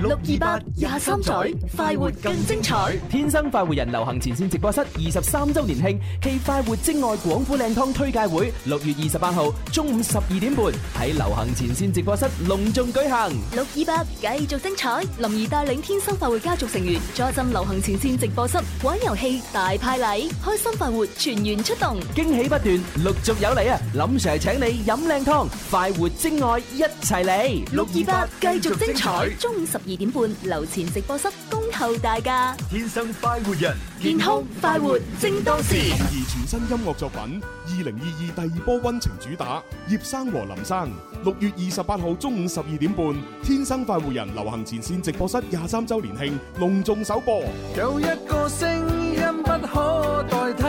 六二八廿三彩，快活更精彩！天生快活人流行前線直播室二十三周年慶暨快活精愛廣府靚湯推介會，六月二十八號中午十二點半喺流行前線直播室隆重舉行。六二八繼續精彩，林怡帶領天生快活家族成員坐鎮流行前線直播室玩遊戲大派禮，開心快活全員出動，驚喜不斷，陸續有嚟啊！林 sir 請你飲靚湯，快活精愛一齊嚟。六二八繼續精彩，中午十。二點半，流前直播室恭候大家。天生快活人，健康快活正當時。林怡全新音樂作品，二零二二第二波溫情主打《葉生和林生》，六月二十八號中午十二點半，天生快活人流行前線直播室廿三週年慶隆重首播。有一個聲音不可代替，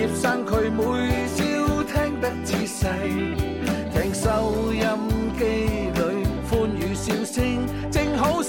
葉生佢每朝聽得仔細，聽收音。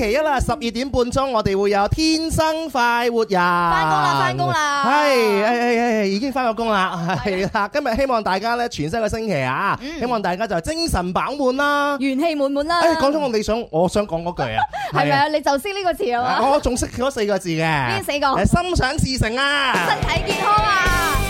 星期一啦，十二點半鐘我哋會有天生快活人。翻工啦，翻工啦，係，係，係，已經翻咗工啦。係啦，今日希望大家咧，全新嘅星期啊，嗯、希望大家就精神飽滿啦，元氣滿滿啦。誒，講咗我你想，我想講嗰句啊，係咪 是啊？你就識呢個字啊？我仲識嗰四個字嘅，邊 四個？心想事成啊，身體健康啊。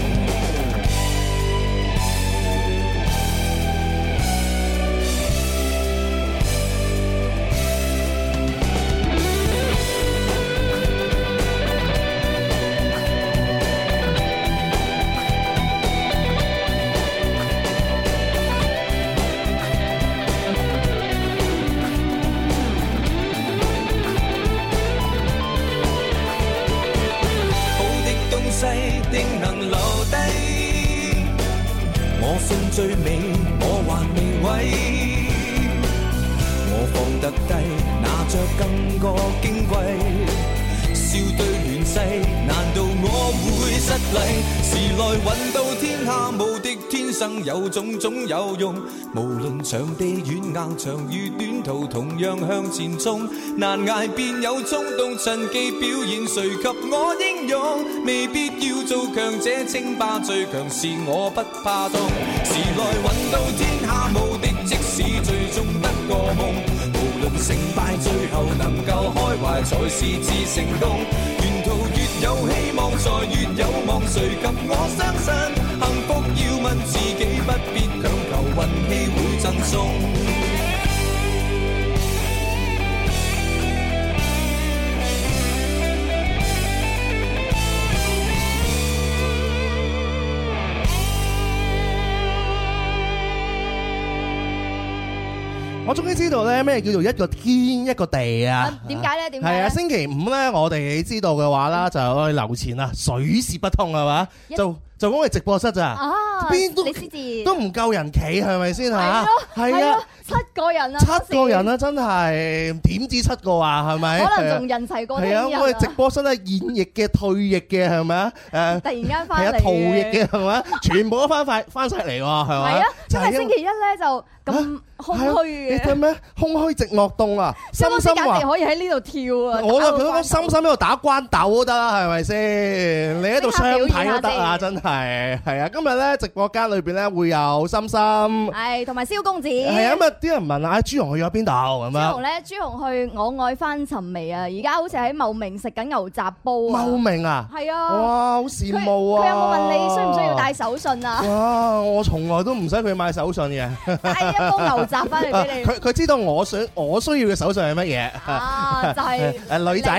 最美我還未毀。我放得低，拿着更個矜貴。笑對亂世，難道我會失禮？時來運到天下無。生有種種有用，無論長地遠硬長與短途，同樣向前衝。難捱便有衝動，盡技表演，誰及我英勇？未必要做強者稱霸最強，最強是我不怕當。時來運到天下無敵，即使最終不過夢。無論成敗，最後能夠開懷，才是至成功。有希望在月，越有望，誰及我相信？幸福要問自己，不必強求，運氣會贈送。我終於知道咧咩叫做一個天一個地啊！點解咧？點解？係啊，星期五咧，我哋知道嘅話啦，嗯、就可以流錢啊，水泄不通係嘛？Yeah. 就。就講係直播室咋，邊都都唔夠人企係咪先嚇？係啊，七個人啊，七個人啊，真係點知七個啊？係咪？可能仲人齊過啲人。係啊，我哋直播室咧現役嘅、退役嘅係咪啊？誒，突然間翻嚟，係啊，逃役嘅係咪啊？全部都翻曬翻曬嚟喎，係嘛？係啊，真係星期一咧就咁空虛嘅。你講咩？空虛寂寞凍啊！深深可以喺呢度跳啊！我嘅佢講深深喺度打關斗都得啦，係咪先？你喺度相睇都得啊！真係。係係啊，今日咧直播間裏邊咧會有心心，係同埋蕭公子。係啊，今日啲人問啊，朱紅去咗邊度咁啊？朱紅咧，朱紅去我愛翻尋味啊！而家好似喺茂名食緊牛雜煲。茂名啊，係啊，哇，好羨慕啊！佢有冇問你需唔需要帶手信啊？哇，我從來都唔使佢買手信嘅，帶一煲牛雜翻嚟俾你。佢佢知道我想我需要嘅手信係乜嘢啊？就係誒女仔，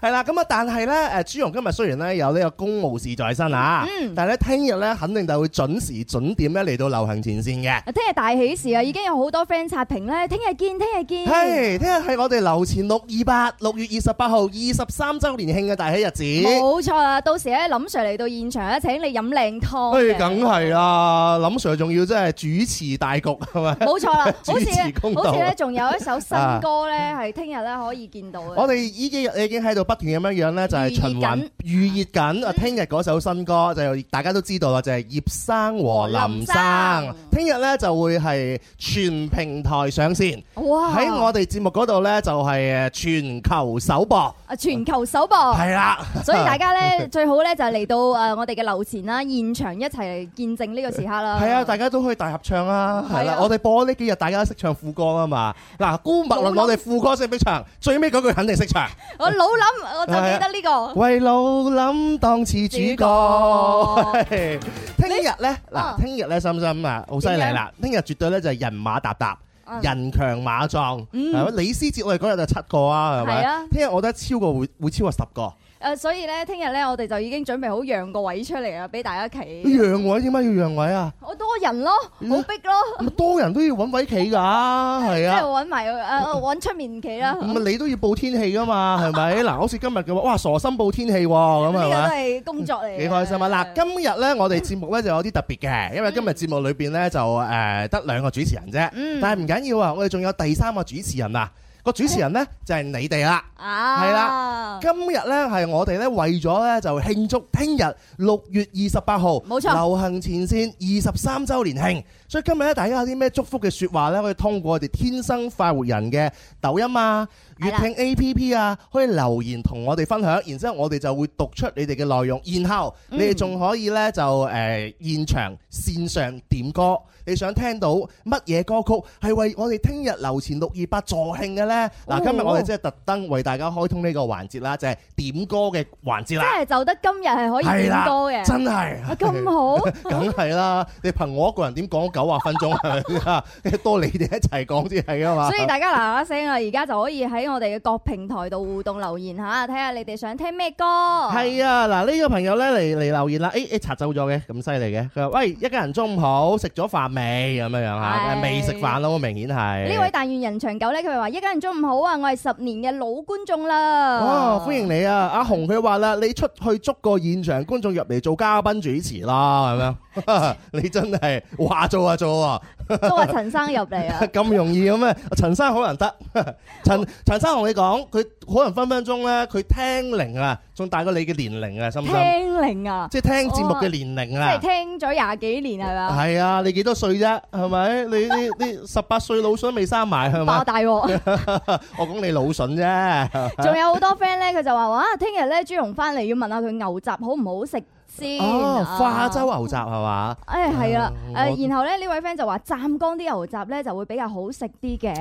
係啦。咁啊，但係咧誒，朱紅今日雖然咧有呢個公。無事在身啊！嗯，但係咧，聽日咧肯定就會準時準點咧嚟到流行前線嘅。聽日大喜事啊！已經有好多 friend 刷屏咧，聽日見，聽日見。係、hey，聽日係我哋流前六二八，六月二十八號二十三周年慶嘅大喜日子。冇錯啦，到時咧，林 sir 嚟到現場咧，請你飲靚湯。梗係、hey，啦，林 sir 仲要真係主持大局係嘛？冇錯 啦， 主持公道。好似咧，仲有一首新歌咧，係聽日咧可以見到嘅。我哋依幾日已經喺度不斷咁樣樣咧，就係循環預熱緊啊聽聽日首新歌就大家都知道啦，就係、是、葉生和林生。聽日咧就會係全平台上線。哇！喺我哋節目度咧就係誒全球首播。啊，全球首播係啦。嗯啊、所以大家咧最好咧就嚟到誒我哋嘅樓前啦， 現場一齊見證呢個時刻啦。係、嗯、啊，大家都可以大合唱啊。係啦、啊，我哋播呢幾日，大家都識唱副歌啊嘛。嗱、呃，姑勿論我哋副歌識唔識唱？最尾嗰句肯定識唱。我老林，我就記得呢、這個。 為老林當。主角。聽日咧，嗱，聽日咧，心心啊，好犀利啦！聽日、啊、樣絕對咧就係人馬搭搭，啊、人強馬壯。嗯，李思捷我哋嗰日就七個啊，係咪？係啊，聽日我覺得超過會會超過十個。誒、呃，所以咧，聽日咧，我哋就已經準備好讓個位出嚟啊，俾大家企。讓位，點解要讓位啊？多人咯，好逼咯，多人都要揾位企噶係啊，即係揾埋誒，揾出面企啦。唔係你都要報天氣噶嘛，係咪？嗱，好似今日嘅話，哇，傻心報天氣咁係嘛，呢啲都係工作嚟。嘅、嗯。幾開心啊！嗱，今日咧我哋節目咧就有啲特別嘅，因為今日節目裏邊咧就誒得兩個主持人啫，嗯、但係唔緊要啊，我哋仲有第三個主持人啊。個主持人呢，就係你哋啦，係啦，今日呢，係我哋呢，為咗呢，就慶祝聽日六月二十八號冇錯，流行前線二十三周年慶，所以今日呢大家有啲咩祝福嘅說話呢，可以通過我哋天生快活人嘅抖音啊。月聽 A P P 啊，可以留言同我哋分享，然之後我哋就會讀出你哋嘅內容，然後你哋仲可以咧就誒現場線上點歌，你想聽到乜嘢歌曲係為我哋聽日樓前六二八助興嘅咧？嗱，今日我哋即係特登為大家開通呢個環節啦，就係點歌嘅環節啦。即係就得今日係可以點歌嘅，真係咁好，梗係啦！你憑我一個人點講九十分鐘啊？多你哋一齊講先係啊嘛。所以大家嗱嗱聲啊，而家就可以喺我哋嘅各平台度互動留言嚇，睇下你哋想聽咩歌。係啊，嗱、這、呢個朋友呢嚟嚟留言啦，哎哎擦走咗嘅，咁犀利嘅。佢話：喂，一家人中午好，食咗飯是未？咁樣樣嚇，未食飯咯，明顯係。呢位但願人長久呢，佢係話一家人中午好啊，我係十年嘅老觀眾啦。哦，歡迎你啊，阿是、啊、紅佢話啦，你出去捉個現場觀眾入嚟做嘉賓主持啦，咁樣。 你真係話做，啊、做啊做啊！都話陳生入嚟啊，咁容易嘅咩？陳 生好難得。陳陳、哦、生同你講，佢可能分分鐘咧，佢聽齡啊，仲大過你嘅年齡啊，深唔聽齡、哦、啊,即係聽節目嘅年齡啊！即係聽咗廿幾年係咪啊？係啊，你幾多歲啫？係咪？ 你你你十八歲老笋未生埋，係咪？大！我講你老笋啫。仲有好多 friend 咧，佢就話哇啊，聽日咧朱紅翻嚟要問下佢牛雜好唔好食。啊、哦，化州牛雜係嘛？誒，係啊，誒，然後咧呢位 friend 就話湛江啲牛雜咧就會比較好食啲嘅。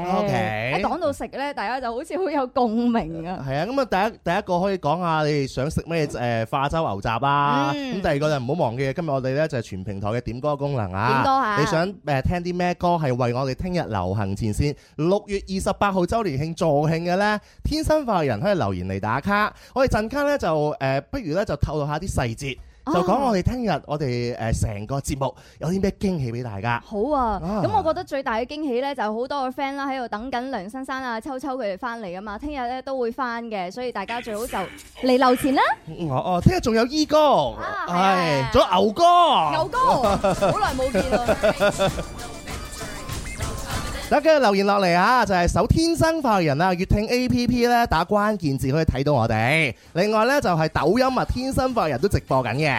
講到食咧，大家就好似好有共鳴啊。係啊，咁啊，第一第一個可以講下你哋想食咩誒化州牛雜啊。咁、嗯、第二個就唔好忘記今日我哋咧就係全平台嘅點歌功能啊。點歌吓？你想誒聽啲咩歌？係為我哋聽日流行前線六月二十八號周年慶助慶嘅咧，天生化嘅人可以留言嚟打卡。我哋陣間咧就誒，不如咧就透露下啲細節。就講我哋聽日我哋誒成個節目有啲咩驚喜俾大家。好啊，咁、啊、我覺得最大嘅驚喜咧，就好多個 friend 啦喺度等緊梁新生生啊、秋秋佢哋翻嚟啊嘛，聽日咧都會翻嘅，所以大家最好就嚟留前啦。哦哦、啊啊，聽日仲有 E 哥，係仲、啊啊、有牛哥。牛哥，好耐冇見啦。 繼續留言落嚟啊，就係搜「天生發人」啊，粵聽 A P P 咧，打關鍵字可以睇到我哋。另外呢，就係抖音啊，天生發人都直播緊嘅。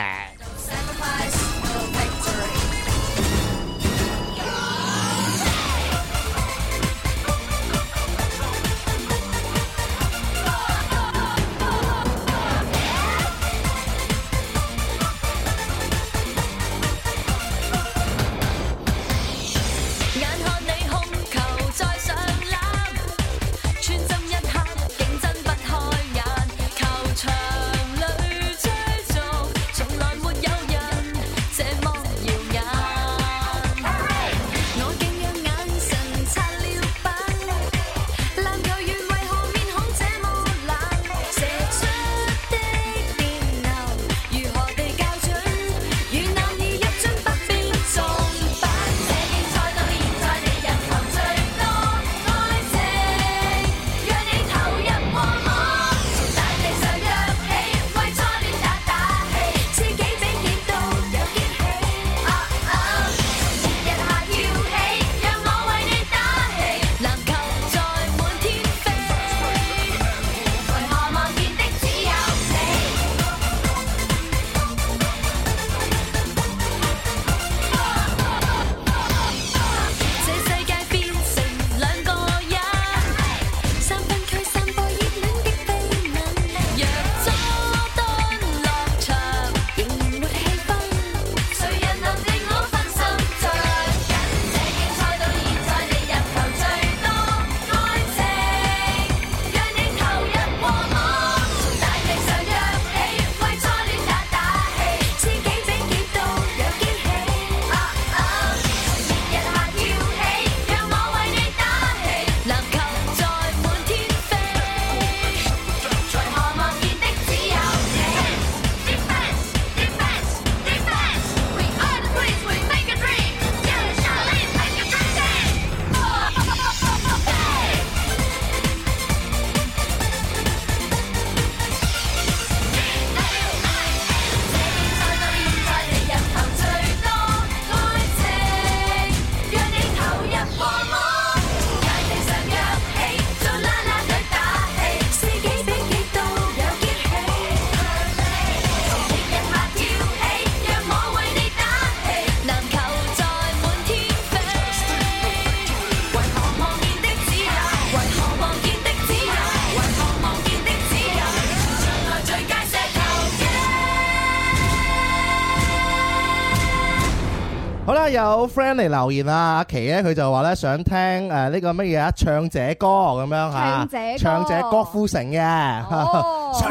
friend 嚟留言啊，阿琪咧佢就話咧想聽誒呢、呃這個乜嘢啊，唱者歌咁樣吓，啊、唱者唱者郭富城嘅。哦 so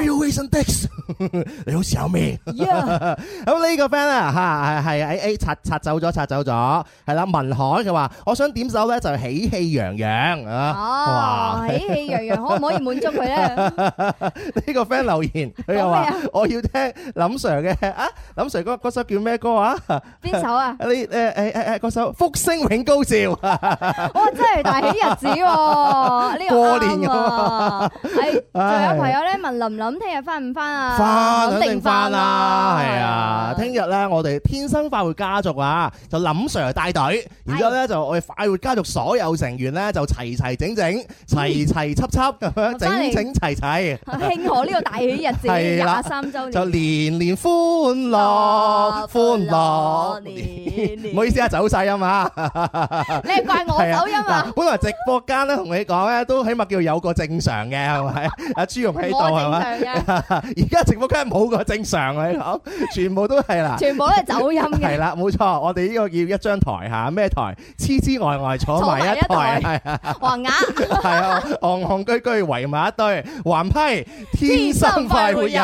你好似有咩？咁呢 Yeah. 個 friend 啊，吓係係 A A 擦擦走咗，擦走咗，係啦。文海佢話：我想點首咧就是，喜氣洋洋啊！哦，喜氣洋洋可唔可以滿足佢咧？呢個 friend 留言佢話：我要聽林 sir 嘅啊，林 sir 嗰首叫咩歌啊？邊首啊？呢誒誒誒誒，嗰、呃哎哎啊、首《福星永高照》 哇，真係大喜日子喎，啊！呢 個過年啊，係 仲、哎、有朋友咧問林琳聽日翻唔翻啊？翻肯定翻啦，係啊！聽日咧，我哋天生快活家族啊，就林 Sir 帶隊，然之後咧就我哋快活家族所有成員咧就齊齊整整，齊齊輯輯，整整齊齊，慶賀呢個大喜日子廿三周年，就年年歡樂，歡樂，唔好意思啊，走晒音嘛！你係怪我走音啊？本來直播間咧同你講咧，都起碼叫有個正常嘅係咪？阿朱融喺度係咪？而家。全部都係冇個正常嘅，全部都係啦，全部都係走音嘅，係啦，冇錯。我哋呢個叫一張台吓，咩台？黐黐呆呆坐埋一台，係啊，橫眼，係啊，戇戇居居圍埋一堆，橫批：天生快活人，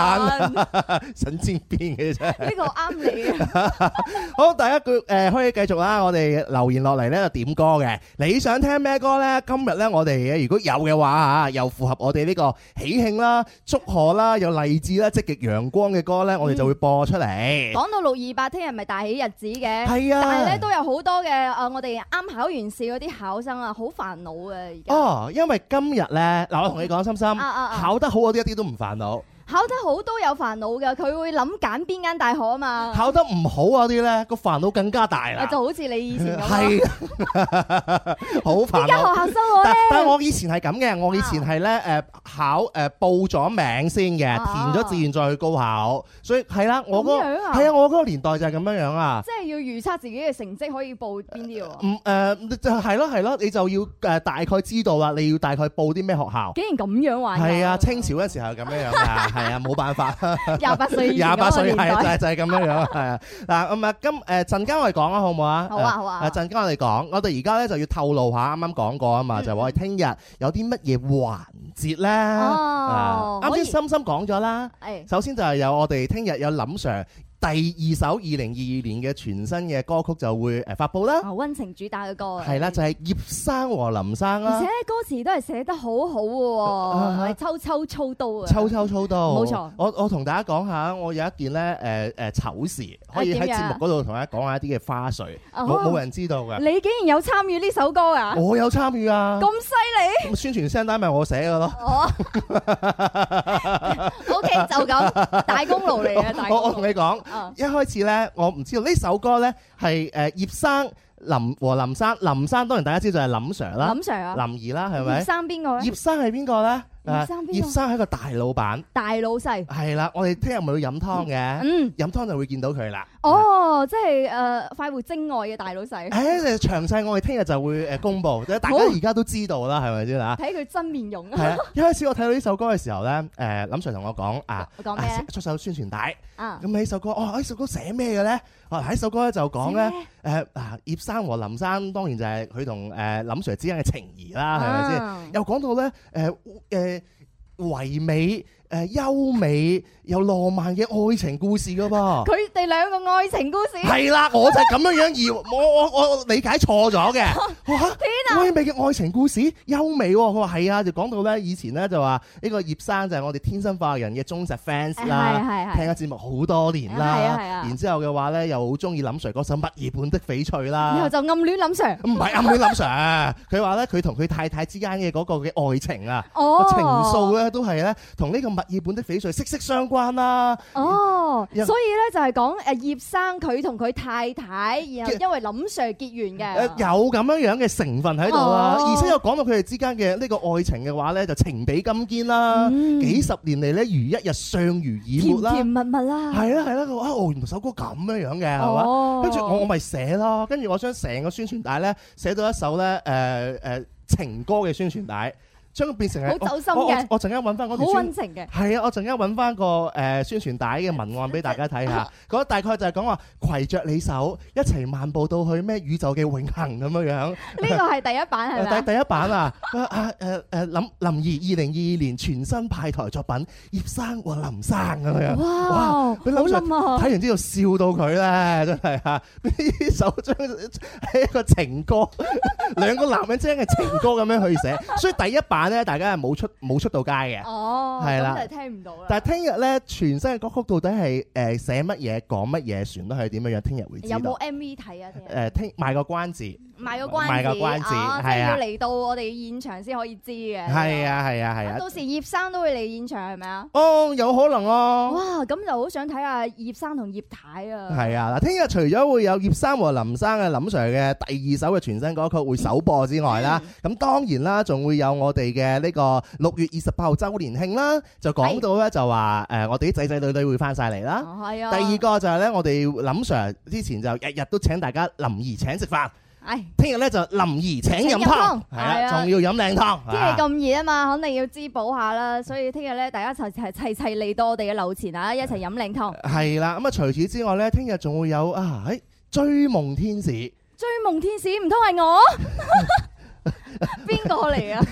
神尖邊嘅啫。呢個啱你。好，第一句誒，可以繼續啦。我哋留言落嚟咧，點歌嘅，你想聽咩歌咧？今日咧，我哋如果有嘅話啊，又符合我哋呢個喜慶啦、祝賀啦、又勵志啦。積極陽光嘅歌呢，我哋就會播出嚟。講、嗯、到六二八聽日咪大喜日子嘅，係啊，但係咧都有好多嘅誒、啊，我哋啱考完試嗰啲考生啊，好煩惱啊，而家。哦，因為今日呢，嗱、嗯、我同你講，心心、啊啊啊、考得好嗰啲一啲都唔煩惱。考得好都有煩惱嘅，佢會諗揀邊間大學啊嘛。考得唔好嗰啲咧，個煩惱更加大啦。就好似你以前咁。係 是、啊，好 煩惱。依家學校生活咧。但，但我以前係咁嘅，我以前係咧誒考誒、呃、報咗名先嘅，填咗志願再去高考。啊、所以係啦，我嗰個係啊，我嗰、嗰個啊啊、年代就係咁樣樣啊。即係要預測自己嘅成績可以報邊啲喎？唔誒、呃，係咯係咯，你就要誒大概知道啦，你要大概報啲咩學校？竟然咁樣話？係啊，清朝嗰時候咁樣樣㗎、啊。 係啊，冇辦法。廿八歲，廿八歲，係就係、是、就係咁樣樣，係啊。 嗱咁啊，今誒陣間我哋講啊，好唔好，好啊？好啊，好啊。啊，陣間我哋講，我哋而家咧就要透露下剛剛，啱啱講過啊嘛，就係我哋聽日有啲乜嘢環節咧。哦。啱先心心講咗啦。誒以。深深哎、首先就係有我哋聽日有林 Sir。第二首二零二二年嘅全新嘅歌曲就會誒發布啦。溫、啊、情主打嘅歌。係啦，就係、是、葉生和林生啦、啊。而且歌詞都係寫得好好、啊、嘅，係、啊啊、秋秋操刀。秋秋操刀。冇錯。我我同大家講下，我有一件咧誒誒醜事，可以喺節目嗰度同大家講下一啲嘅花絮，冇冇、啊啊、人知道嘅。你竟然有參與呢首歌啊？我有參與啊！咁犀利？宣傳聲單咪我寫嘅咯。我、哦、 OK 就咁大功勞嚟嘅，大，大我同你講。一開始呢，我唔知道呢首歌呢係誒葉生林和林生林生，林生當然大家知道係林 Sir 啦，林 Sir 啊，林兒啦，係咪？葉生邊個？葉生係邊個呢？葉生，葉生喺個大老闆，大老細，係啦。我哋聽日咪會飲湯嘅，飲湯就會見到佢啦。哦，即係誒快活精外嘅大老細。誒，詳細我哋聽日就會誒公佈，大家而家都知道啦，係咪先啦？睇佢真面容。啊，一開始我睇到呢首歌嘅時候咧，誒林 Sir 同我講啊，講咩出手宣傳帶啊，咁呢首歌，哦，呢首歌寫咩嘅咧？哦，喺首歌咧就講咧，誒啊葉生和林生當然就係佢同誒林 Sir 之間嘅情誼啦，係咪先？又講到咧，誒誒。唯美，誒、呃，優美。有浪漫嘅愛情故事噶噃，佢哋兩個愛情故事係啦，我就係咁樣樣而 我我我理解錯咗嘅啊，唯美嘅愛情故事優美喎、哦，佢話係啊，就講到咧以前咧就話呢個葉生就係我哋天生化學人嘅忠實 fans 啦、哎呀，係係係，聽嘅節目好多年啦，係啊係啊，然之後嘅話咧又好中意林 Sir 嗰首《墨爾本的翡翠》啦，然後就暗戀林 Sir，唔係暗戀林 Sir，佢話咧佢同佢太太之間嘅嗰個嘅愛情啊，哦、情愫咧都係咧同呢個墨爾本的翡翠息息相關。關啦，哦，所以咧就係講誒葉生佢同佢太太，然後因為林 Sir 結緣嘅，有咁樣樣嘅成分喺度啦，而且又講到佢哋之間嘅呢個愛情嘅話咧，就情比金堅啦，幾十年嚟咧如一日相濡以沫啦，甜蜜蜜啦，係啦係啦，佢話啊哦，原來首歌咁樣樣嘅係嘛，跟住我我咪寫咯，跟住我將成個宣傳帶咧寫到一首咧誒誒情歌嘅宣傳帶。將佢變成係好走心嘅，我好溫情嘅。係啊，我陣間揾翻個誒宣傳帶嘅文案俾大家睇下。嗰 大概就係講話攜着你手，一齊漫步到去咩宇宙嘅永恆咁樣樣。呢個係第一版係咪？第第一版啊！啊誒誒林林儀二零二二年全新派台作品《葉生和林生》咁樣。哇！好諗啊！睇完之後笑到佢咧，真係啊。呢首張係一個情歌， 兩個男人聽嘅情歌咁樣去寫，所以第一版。大家係冇出冇出到街嘅，係啦，哦，真係就聽唔到啦。但係聽日咧，全新嘅歌曲到底係誒寫乜嘢、講乜嘢、旋律係點樣樣，聽日會知道。有冇 MV 睇啊？誒，聽賣個關子。嗯賣個關子，即係要嚟到我哋嘅現場先可以知嘅。係啊，係啊，係啊。到時葉生都會嚟現場，係咪啊？哦，有可能咯。哇，咁就好想睇下葉生同葉太啊。係啊，嗱，聽日除咗會有葉生和林生嘅林 sir 嘅第二首嘅全新歌曲會首播之外啦，咁當然啦，仲會有我哋嘅呢個六月二十八號周年慶啦。就講到咧，就話誒，我哋啲仔仔女女會翻晒嚟啦。係啊。第二個就係咧，我哋林 sir 之前就日日都請大家林兒請食飯。哎，聽日咧就林兒請飲湯，係啊，仲了要飲靚湯。了天氣咁熱啊嘛，肯定要滋補下啦。所以聽日咧，大家一齊齊齊嚟到我哋嘅樓前啊，一齊飲靚湯。係啦，咁啊除此之外咧，聽日仲會有啊喺、哎、追夢天使，追夢天使，唔通係我？ 邊個嚟啊？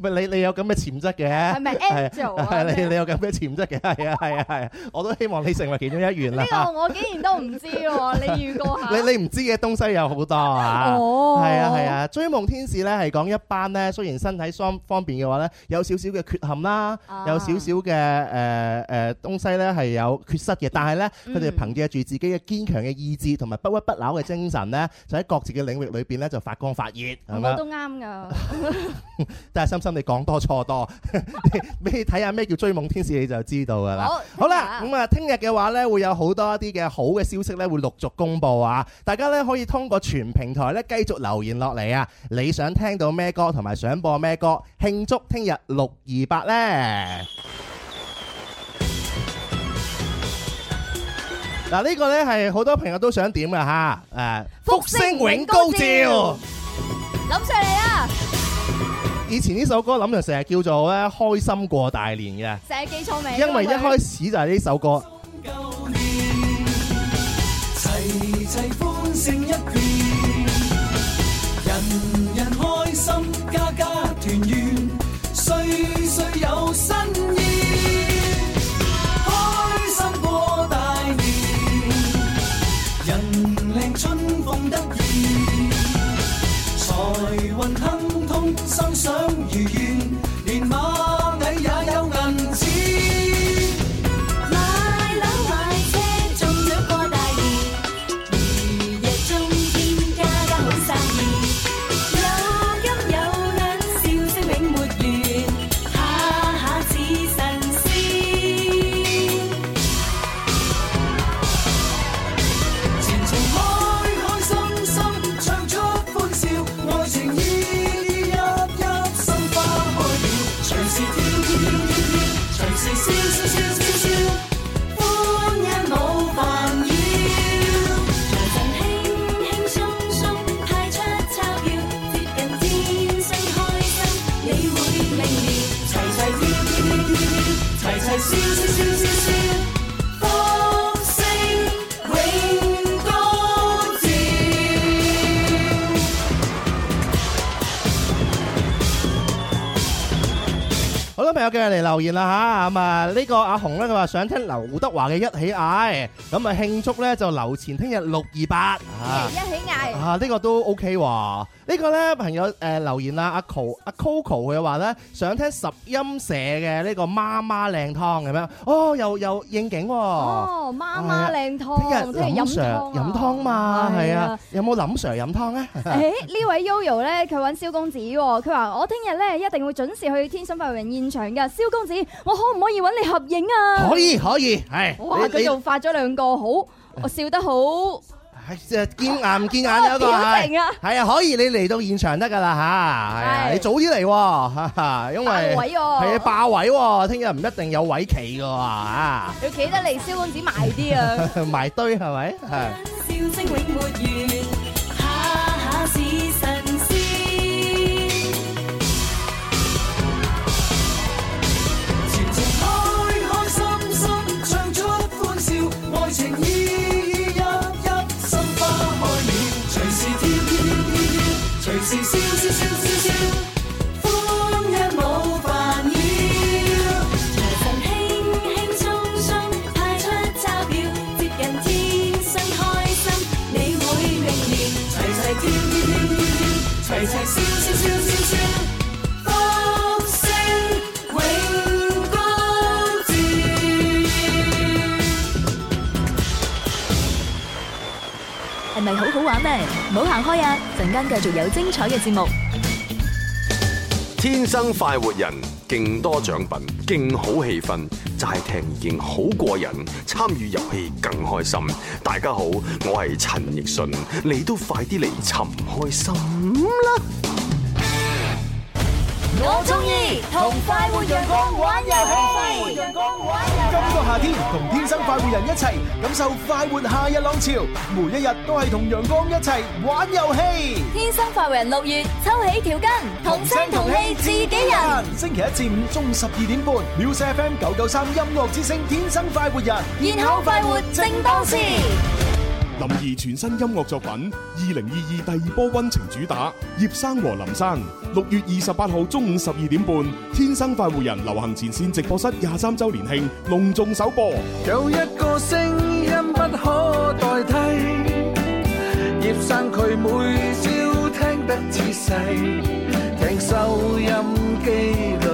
係你，你有咁嘅潛質嘅。係咪 Angel 係你，你有咁嘅潛質嘅，係 啊，係啊，係、啊啊。我都希望你成為其中一員啦。呢個我竟然都唔知喎、啊， 你預估下？你你唔知嘅東西有好多啊！哦，係啊，係啊,啊。追夢天使咧係講一班咧，雖然身體雙方面嘅話咧，有少少嘅缺陷啦，有少少嘅誒誒東西咧係有缺失嘅，但係咧，佢哋憑借住自己嘅堅強嘅意志同埋不屈不撓嘅精神咧，就喺各自嘅領域裏邊咧。就發光發熱，係咪？都啱噶，但係心心，你講多錯多， 你睇下咩叫追夢天使，你就知道噶啦。好，啊、好啦，咁、嗯、啊，聽日嘅話呢，會有好多一啲嘅好嘅消息呢會陸續公布啊！大家呢，可以通過全平台呢繼續留言落嚟啊！你想聽到咩歌，同埋想播咩歌，慶祝聽日六二八呢。嗱，呢個咧，係好多朋友都想點嘅吓，誒，福星永高照，諗上嚟啊！以前呢首歌諗住成日叫做咧開心過大年嘅，寫記錯未？因為一開始就係呢首歌，齊齊歡聲一片，人人開心，家家團圓。有嘅人嚟留言啦，嚇，咁啊，呢個阿紅咧，佢話想聽劉德華嘅一起嗌，咁啊慶祝咧，就劉前聽日六二八啊，一起嗌啊呢、啊呢個都 OK 喎。呢個咧朋友誒留言啦，阿、啊、Coco 阿 Coco 佢話咧想聽十音社嘅呢個媽媽靚湯咁樣，哦又又應景喎，哦。哦，媽媽靚湯，聽日同阿 s、哦、Sir、啊、飲湯嘛，係啊的，的有冇諗 Sir 飲湯啊？誒、欸、呢位 Yoyo 咧佢揾蕭公子喎，哦，佢話我聽日咧一定會準時去天心髮型現場嘅，蕭公子我可唔可以揾你合影啊？可以可以，係，哦，你哇！佢又發咗兩個好，我笑得好。係即係見眼唔見眼有一個情啊。係啊，可以你嚟到現場得噶啦吓，係是你早啲嚟，哈哈，因為係位啊霸位喎，聽日唔一定有位企噶啊要， 要企得嚟燒蚊子埋啲啊，埋堆係咪？笑聲永行開呀！陣間繼續有精彩嘅節目。天生快活人，勁多獎品，勁好氣氛，齋、就是、聽已經好過癮，參與遊戲更開心。大家好，我係陳奕迅，你都快啲嚟尋開心啦！我中意同快活陽光玩遊戲。快活陽光玩遊戲。今個夏天同天生快活人一齊，感受快活夏日浪潮。每一日都係同陽光一齊玩遊戲。天生快活人六月抽起條筋，同聲同氣自己人。星期一至五中午十二點半，Music FM 九九三音樂之聲，天生快活人，然後快活正當時。林怡全新音樂作品《二零二二第二波溫情主打》葉生和林生，六月二十八號中午十二點半，天生快活人流行前線直播室廿三周年慶隆重首播。有一個聲音不可代替，葉生佢每朝聽得仔細，聽收音機裏。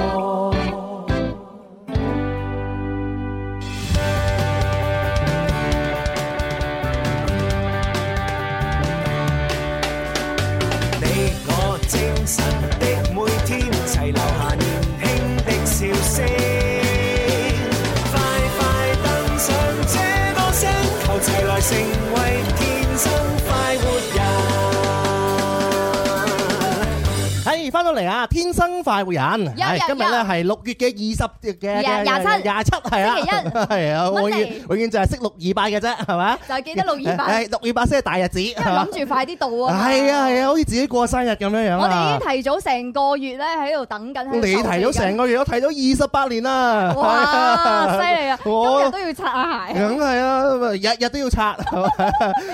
生快活人，今日咧係六月嘅二十嘅廿七，廿七係啦，星期一，係啊，永遠永遠就係識六二八嘅啫，係咪？就記得六二八，六二八先係大日子。因為諗住快啲到啊！係啊係啊，好似自己過生日咁樣樣。我哋已經提早成個月咧喺度等緊，你提早成個月，我提早二十八年啦。哇！犀利啊！我日都要擦下鞋。梗係啊！日日都要擦。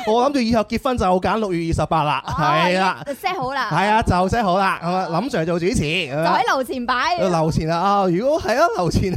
我諗住以後結婚就揀六月二十八啦，係啦，set 好啦，係啊，就 set 好啦。咁啊，林 sir 做主持。就喺樓前擺，樓前啊！如果係啊，樓前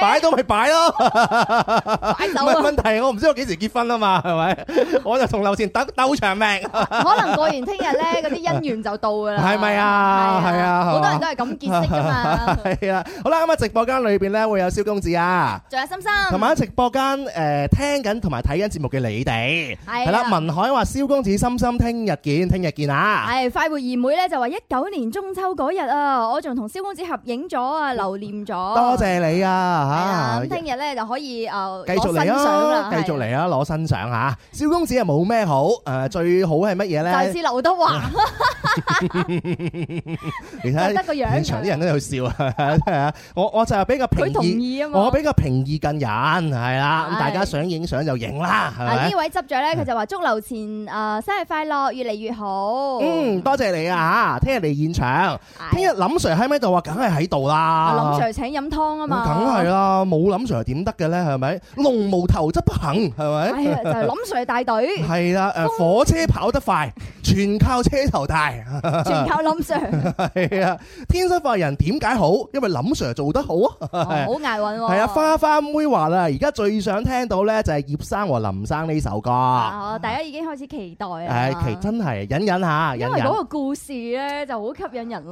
擺都咪擺咯。唔係問題，我唔知我幾時結婚啊嘛，係咪？我就同樓前鬥鬥長命。可能過完聽日咧，嗰啲姻緣就到噶啦，係咪啊？係啊，好多人都係咁結識噶嘛。係啊，好啦，咁啊，直播間裏邊咧會有蕭公子啊，仲有心心，琴晚喺直播間誒聽緊同埋睇緊節目嘅你哋係啦。文海話：蕭公子、心心，聽日見，聽日見啊！係快活二妹咧就話：一九年中秋。嗰日啊，我仲同蕭公子合影咗啊，留念咗。多謝你啊，吓！聽日咧就可以誒，繼續嚟攞新相啦，繼續嚟啊，攞新相吓。蕭公子係冇咩好誒，最好係乜嘢咧？似劉德華，你睇得個樣，現場啲人都有笑啊！我我就係比較平意，我比較平易近人，係啦。大家想影相就影啦，係呢位執掌咧，佢就話祝劉前誒生日快樂，越嚟越好。嗯，多謝你啊，吓！聽日嚟現場。聽日林 Sir 喺咪度話？梗係喺度啦！林 Sir 請飲湯啊嘛！梗係啦，冇林 Sir 點得嘅咧？係咪？龍無頭則不行，係咪？係啊、哎，就係、是、林 Sir 帶隊。係啦，誒，火車跑得快，全靠車頭大。 全靠林 Sir。係啊，天生發人點解好？因為林 Sir 做得好、 哦、啊。好捱運。係啊，花花妹話啦，而家最想聽到咧就係葉生和林生呢首歌。哦、啊，大家已經開始期待啦。誒、啊，其實真係，忍忍下，忍下因為嗰個故事咧就好吸引人。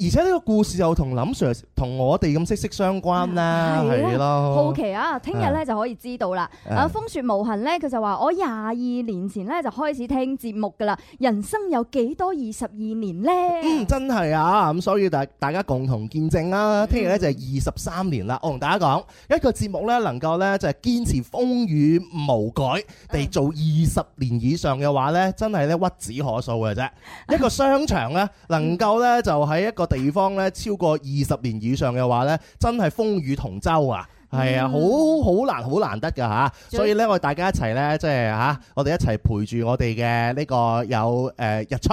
而且呢個故事又同林 sir 同我哋咁息息相關啦，係、啊啊、咯。好奇啊，聽日咧就可以知道啦。啊，風雪無痕咧，佢就話我廿二年前咧就開始聽節目㗎啦。人生有幾多二十二年呢？嗯，真係啊，咁所以大大家共同見證啦。聽日咧就係二十三年啦。嗯、我同大家講，一個節目咧能夠咧就係堅持風雨無改地、嗯、做二十年以上嘅話咧，真係咧屈指可數嘅啫。一個商場咧能夠咧就喺一個個地方咧超過二十年以上嘅話咧，真係風雨同舟啊！係啊，好好難好難得㗎吓、啊。所以咧我哋大家一齊咧，即係吓，我哋一齊陪住我哋嘅呢個有誒、呃、日出。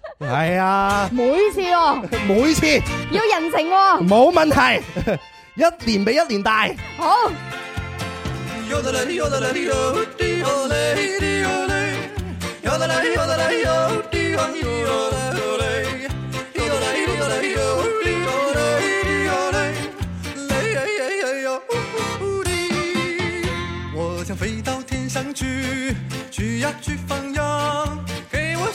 係啊，哎、呀每次喎、哦， 每次要人情喎、哦，冇 問題，一年比一年大，好。我想飛到天上去，去呀去放羊。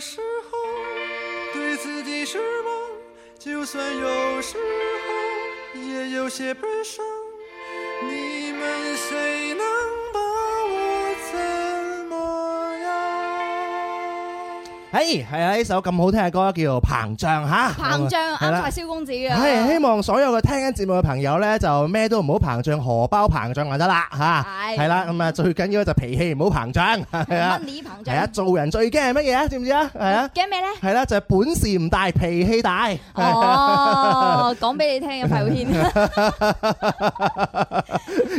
時候對自己失望，就算有時候也有些悲傷，你們誰能？ 哎，係啊！呢首咁好聽嘅歌叫做《膨脹》吓，膨脹啱晒蕭公子嘅。係希望所有嘅聽緊節目嘅朋友咧，就咩都唔好膨脹，荷包膨脹就得啦吓。係係啦，咁啊最緊要就脾氣唔好膨脹。乜嘢膨脹係啊，做人最驚係乜嘢啊？知唔知啊？係啊？驚咩咧？係啦，就係本事唔大，脾氣大。哦，講俾你聽啊，裴浩謙。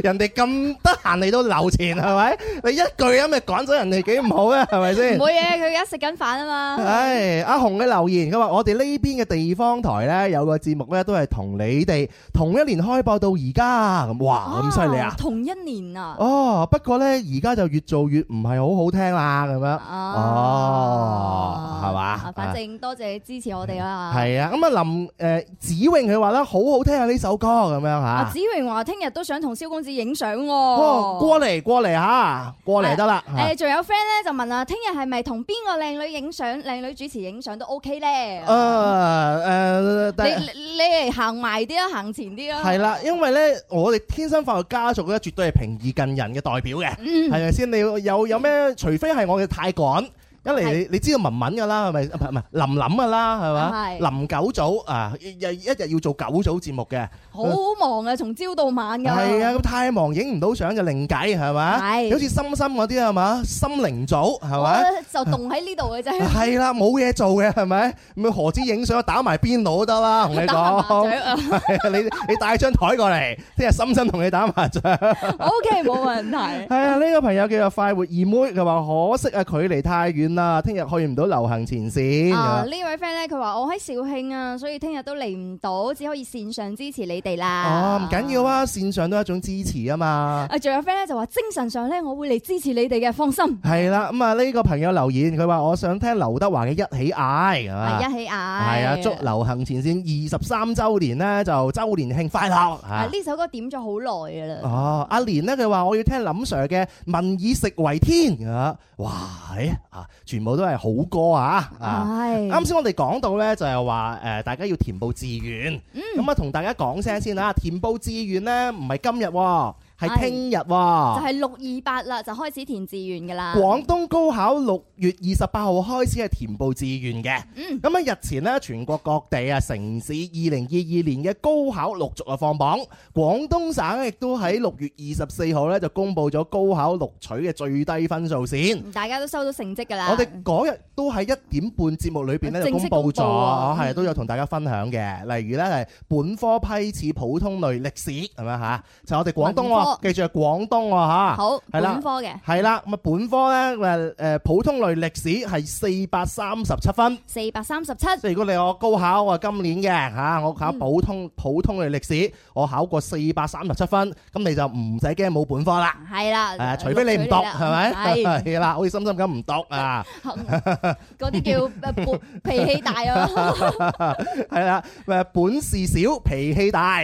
人哋咁得閒嚟到留前，係咪？你一句咁咪趕咗人哋幾唔好啊，係咪先？唔會嘅，佢而家食緊飯。係阿雄嘅留言，佢話我哋呢邊嘅地方台呢，有個節目呢，都係同你哋同一年開播到而家，咁哇咁犀利啊！同一年啊，哦，不過呢，而家就越做越唔係好好聽啦，咁樣哦，係嘛，反正多謝支持我哋啦，係啊，咁啊林誒子穎佢話呢，好好聽啊呢首歌，咁樣吓。子穎話聽日都想同蕭公子影相，過嚟過嚟吓，過嚟得啦。誒，仲有 friend 呢就問啦，聽日係咪同邊個靚女影？想靚女主持影相都 OK 咧。啊，誒，你你嚟行埋啲咯，行前啲咯。係啦，因為咧，我哋天生化育家族咧，絕對係平易近人嘅代表嘅，係咪先？你有有咩？除非係我嘅太趕。一嚟你你知道文文㗎啦，係咪？唔係唔係林林㗎啦，係嘛？林九組啊，日一日要做九組節目嘅，好忙啊，從朝到晚嘅。係啊，咁太忙影唔到相就另計，係嘛？係。好似心心嗰啲啊，係嘛？心靈組係嘛？就凍喺呢度嘅啫。係啦，冇嘢做嘅係咪？咁何止影相，打埋邊爐都得啦，同你講。你你帶張台過嚟，聽日心心同你打麻雀。OK，冇問題。係啊，呢個朋友叫做快活二妹，佢話可惜啊，距離太遠。啊！聽日去唔到流行前線、啊、位朋友呢位 friend 咧，佢話我喺肇慶啊，所以聽日都嚟唔到，只可以線上支持你哋啦。哦，唔緊要啊，線、啊、上都係一種支持啊嘛。啊，仲有 friend 咧就話精神上咧，我會嚟支持你哋嘅，放心。係啦、啊，咁啊呢個朋友留言，佢話我想聽劉德華嘅一起嗌、啊、一起嗌係啊！祝流行前線二十三週年呢就周年慶快樂啊！呢、啊、首歌點咗好耐嘅啦。哦、啊，阿、啊、連呢，佢話我要聽林 Sir 嘅民以食為天啊！哇，啊、哎、～全部都係好歌啊！啊，啱先我哋講到呢，就係話誒，大家要填報志願，咁啊、嗯，同大家講聲先啦，填報志願呢，唔係今日喎。係聽日喎，啊、就係六二八啦，就開始填志願嘅啦。廣東高考六月二十八號開始係填報志願嘅。嗯，咁啊，日前呢，全國各地啊城市二零二二年嘅高考陸續啊放榜，廣東省亦都喺六月二十四號呢，就公布咗高考錄取嘅最低分數線。大家都收到成績㗎啦。我哋嗰日都喺一點半節目裏邊呢，就公布咗，係、嗯、都有同大家分享嘅。例如呢，係、就係、本科批次普通類歷史係咪？吓？就係、我哋廣東記住係廣東喎，吓，好，係啦本科嘅，係啦咁啊本科咧，誒誒，普通類歷史係四百三十七分，四百三十七。即係如果你我高考啊今年嘅，吓，我考普通普通類歷史，我考過四百三十七分，咁你就唔使驚冇本科啦。係啦，除非你唔讀係咪？係啦，好似深深咁唔讀啊，嗰啲叫本脾氣大咯，係啦誒，本事少脾氣大，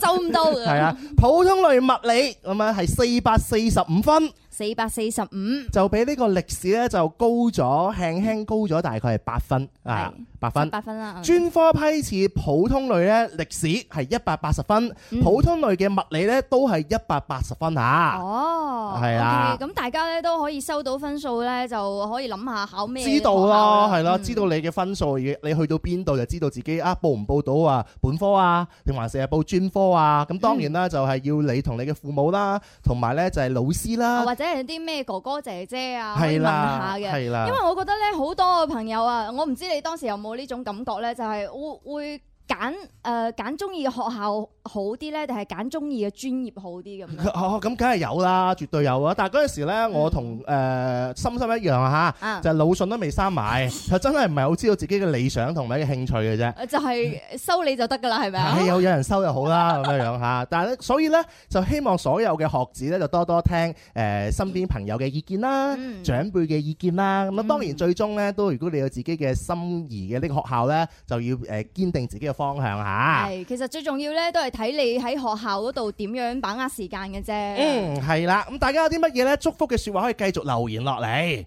做唔到。係啊，普通類物理。咁啊，係四百四十五分。四百四十五就比呢個歷史呢就高咗，輕輕高咗大概係八分啊，八分八分啦。專科批次普通類呢歷史係一百八十分，普通類嘅物理呢都係一百八十分吓。哦，係啊，咁大家呢都可以收到分數呢，就可以諗下考咩。知道咯，係咯，知道你嘅分數，你去到邊度就知道自己啊報唔報到啊本科啊，定還是係報專科啊？咁當然啦，就係要你同你嘅父母啦，同埋呢就係老師啦，或者。即係啲咩哥哥姐姐啊，的可以問下嘅。的因為我覺得咧，好多嘅朋友啊，我唔知你當時有冇呢種感覺咧，就係、是、會會。揀誒揀中意嘅學校好啲咧，定係揀中意嘅專業好啲咁？哦，咁梗係有啦，絕對有啊！但係嗰陣時咧，嗯、我同誒、呃、深深一樣啊嚇，就腦囟都未生埋，就真係唔係好知道自己嘅理想同埋嘅興趣嘅啫。就係收你就得㗎啦，係咪啊？有有人收又好啦，咁 樣樣嚇。但係咧，所以咧就希望所有嘅學子咧就多多聽誒身邊朋友嘅意見啦、嗯、長輩嘅意見啦。咁啊、嗯、當然最終咧都如果你有自己嘅心儀嘅呢個學校咧，就要誒堅定自己嘅。方向吓，係，其實最重要咧，都係睇你喺學校嗰度點樣把握時間嘅啫。嗯，係啦，咁大家有啲乜嘢咧？祝福嘅説話可以繼續留言落嚟。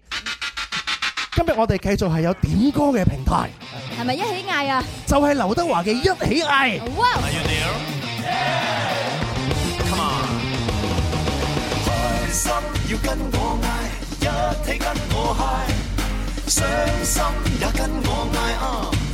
今日我哋繼續係有點歌嘅平台，係咪一起嗌啊？就係劉德華嘅一起嗌。Are you there? Come on!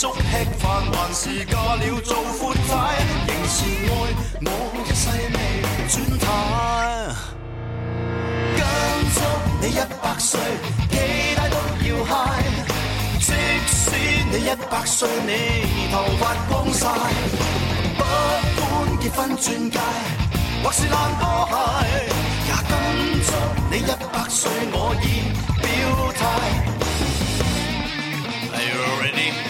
祝吃飯還是嫁了做闊太，仍是愛我一世未轉態。跟足你一百歲，幾大都要 high。即使你一百歲，你頭髮光晒，不管結婚鑽戒或是爛拖鞋，也跟足你一百歲，我已表態。Are you ready?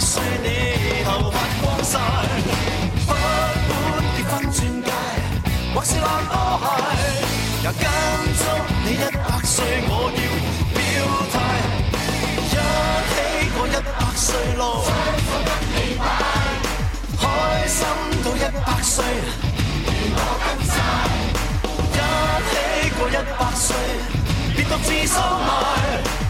碎你頭髮光晒？不管結婚鑽戒還是爛拖鞋，也跟足你一百歲，我要表態，一起過一百歲路，再可跟你買，開心到一百歲，百歲我甘心，一起過一百歲，別獨自心埋。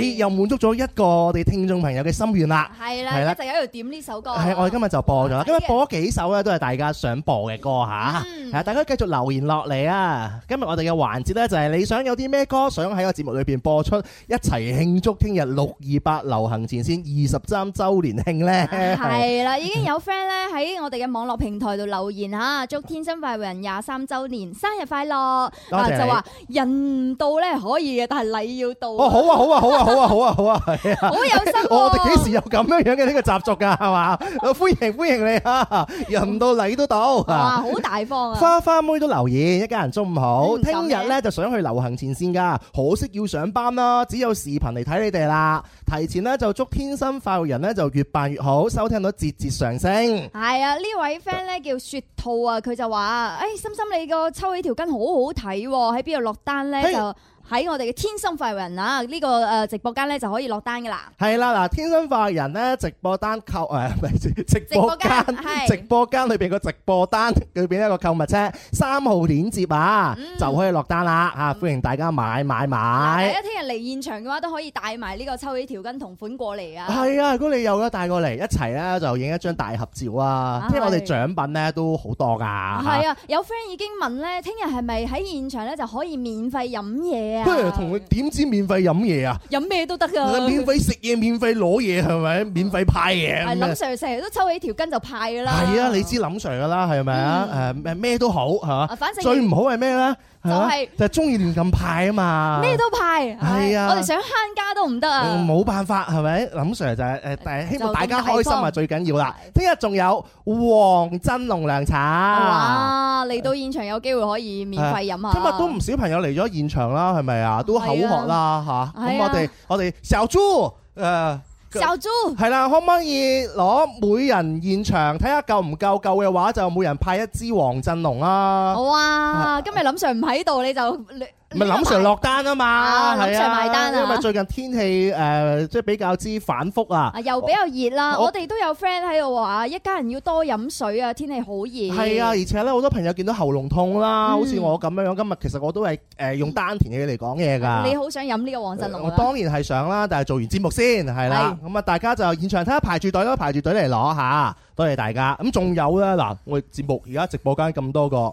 你又滿足咗一個我哋聽眾朋友嘅心願啦，係啦，係啦，一直喺度點呢首歌，係我哋今日就播咗啦。今日播咗幾首咧，都係大家想播嘅歌嚇。係大家繼續留言落嚟啊！今日我哋嘅環節咧，就係你想有啲咩歌想喺個節目裏邊播出，一齊慶祝聽日六二八流行前線二十三週年慶咧。係啦，已經有 friend 咧喺我哋嘅網絡平台度留言嚇，祝天生快活人廿三週年生日快樂啊！就話人到咧可以嘅，但係禮要到。哦，好啊，好啊，好啊。好啊好啊好啊係啊！好有心啊哎、我哋幾時有咁樣樣嘅呢個習俗噶係嘛？歡迎歡迎你啊，人到禮都到啊，好大方啊！花花妹都留言，一家人中午好，聽日咧就想去流行前線噶，可惜要上班啦，只有視頻嚟睇你哋啦。提前呢，就祝天生快育人咧就越辦越好，收聽到節節上升。係啊，位呢位 friend 咧叫雪兔啊，佢就話誒，心心你個抽起條筋好好睇喎，喺邊度落單咧就。喺我哋嘅天生快人啊！呢、這個誒直播間咧就可以落單噶啦。係啦，嗱，天生快人咧直播單購誒，唔係直播直播間，直播間，直播間裏邊個直播單裏邊一個購物車，三號鏈接啊，嗯、就可以落單啦吓！嗯、歡迎大家買買買。如果聽日嚟現場嘅話，都可以帶埋呢個抽起條巾同款過嚟啊。係啊，如果你有嘅帶過嚟一齊咧，就影一張大合照啊！因為我哋獎品咧都好多噶、啊。係啊，啊，啊，有 friend 已經問咧，聽日係咪喺現場咧就可以免費飲嘢啊？不如同佢點知免費飲嘢啊？飲咩都得噶，免費食嘢，免費攞嘢，係咪？免費派嘢。係林 Sir 成日都抽起條筋就派噶啦。係啊，你知林 Sir 噶啦，係咪啊？誒咩、嗯呃、都好嚇。反正 最唔好係咩咧？就係、是啊、就係、是、中意亂咁派啊嘛，咩都派，係啊，我哋想慳家都唔得啊，冇、嗯、辦法係咪？林 sir 就係、是、誒，但係希望大家開心啊，最緊要啦。聽日仲有黃振龍涼茶啊，嚟到現場有機會可以免費飲下。啊、今日都唔少朋友嚟咗現場啦，係咪啊？都口渴啦吓，咁我哋我哋小豬誒。呃就租係啦，可唔可以攞每人現場睇下夠唔夠？夠嘅話就每人派一支黃振龍啦。好啊，哇啊今日林 Sir 唔喺度你就。咪諗住落單啊嘛，係啊，咁啊最近天氣誒、呃，即係比較之反覆啊，又比較熱啦。我哋都有 friend 喺度話，一家人要多飲水啊，天氣好熱。係啊，而且咧，好多朋友見到喉嚨痛啦，好似、嗯、我咁樣樣。今日其實我都係誒用丹田嘅嘢嚟講嘢噶。你好想飲呢個黃振龍？我當然係想啦，但係做完節目先係啦。咁啊是，大家就現場睇下排住隊咯，排住隊嚟攞下。多謝大家。咁仲有咧嗱，我節目而家直播間咁多個。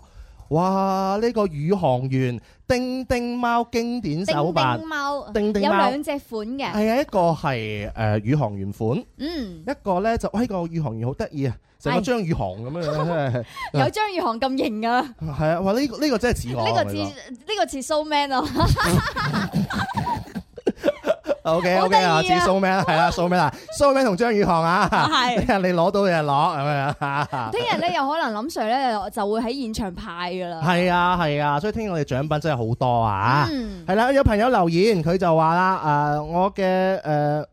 哇！呢、這個宇航員叮叮貓經典手辦，叮叮，叮，叮貓有兩隻款嘅，係一個係誒宇航員款，嗯，一個咧就呢個宇航員好得意啊，成個張宇航咁樣，有張宇航咁型啊，係啊！哇！呢、這個呢個、啊這個這個真係似呢個似呢、這個似 so man 啊！ O K O K 啊，接數名啦，係啦、yeah, so so so，數名啦，數名同張宇航啊，聽日你攞到就攞咁樣啊！聽日咧有可能林 Sir 咧就會喺現場派噶啦、 啊，係啊係啊，所以聽日我哋獎品真係好多啊！係啦、嗯啊，有朋友留言佢就話啦誒，我嘅誒、呃，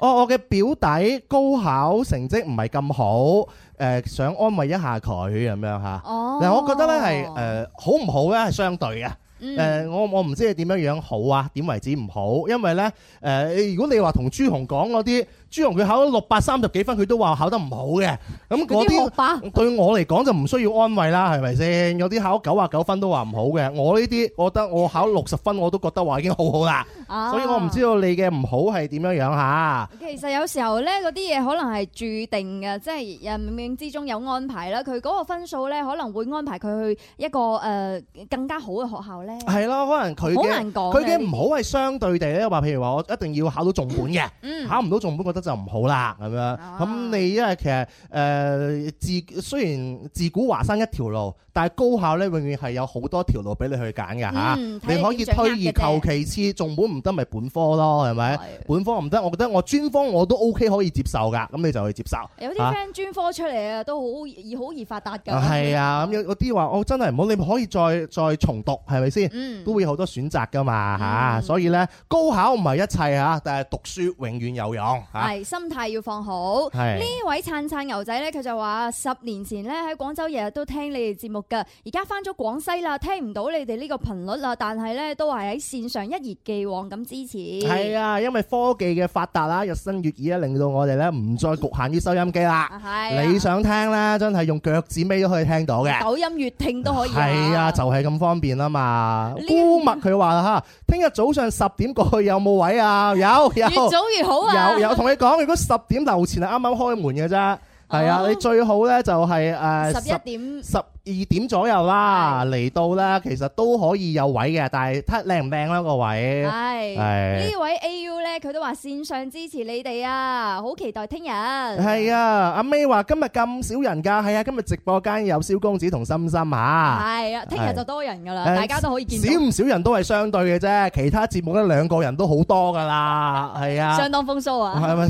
我我嘅表弟高考成績唔係咁好，誒、呃、想安慰一下佢咁樣吓。嗱、哦，我覺得咧係誒好唔好咧係相對嘅。誒、嗯呃，我我唔知你點樣樣好啊？點為止唔好？因為咧，誒、呃，如果你話同朱紅講嗰啲。朱融佢考咗六百三十幾分，佢都話考得唔好嘅。咁嗰啲對我嚟講就唔需要安慰啦，係咪先？有啲考咗九十九分都話唔好嘅。我呢啲，我覺得我考六十分我都覺得話已經好好啦。所以我唔知道你嘅唔好係點樣樣嚇。其實有時候咧，嗰啲嘢可能係註定嘅，即係誒冥冥之中有安排啦。佢嗰個分數咧，可能會安排佢去一個誒更加好嘅學校咧。係咯，可能佢嘅好難講嘅，佢嘅唔好係相對地咧，話譬如話我一定要考到重本嘅，考唔到重本覺得，就唔好啦，咁樣咁你因為其實誒、呃、自雖然自古華山一條路，但係高考呢永遠係有好多條路俾你去揀㗎嚇。嗯、你可以退而求其次，仲本唔得咪本科咯，係咪的？本科唔得，我覺得我專科我都 O、OK、K 可以接受㗎。咁你就去接受。有啲 friend 專科出嚟啊，都好好易發達㗎。係啊，咁有啲話我真係唔好，你可以再再重讀，係咪先？嗯、都會有好多選擇㗎嘛嚇。嗯嗯、所以呢，高考唔係一切嚇，但係讀書永遠有用，啊。係，心態要放好。呢的位燦燦牛仔呢，佢就話：十年前呢，喺廣州日日都聽你哋節目㗎，而家返咗廣西啦，聽唔到你哋呢個頻率啦，但係呢，都係喺線上一如既往咁支持。係啊，因為科技嘅發達啦，日新月異啦，令到我哋呢唔再局限於收音機啦。的你想聽呢，真係用腳趾尾都可以聽到嘅。抖音越聽都可以。係啊，就係咁方便啊嘛。姑墨佢話嚇：聽日早上十點過去有冇位啊？有，有，有越早越好啊！有有同講，如果十點樓前係啱啱開門嘅啫。係啊，你最好咧就係誒，十一點、十二點左右啦，嚟到咧其實都可以有位嘅，但係睇靚唔靚啦個位。係，呢位 AU 咧佢都話線上支持你哋啊，好期待聽日。係啊，阿 May 話今日咁少人噶，係啊，今日直播間有蕭公子同心心吓。係啊，聽日就多人噶啦，大家都可以見到。少唔少人都係相對嘅啫，其他節目咧兩個人都好多噶啦，係啊。相當風騷啊。係咪？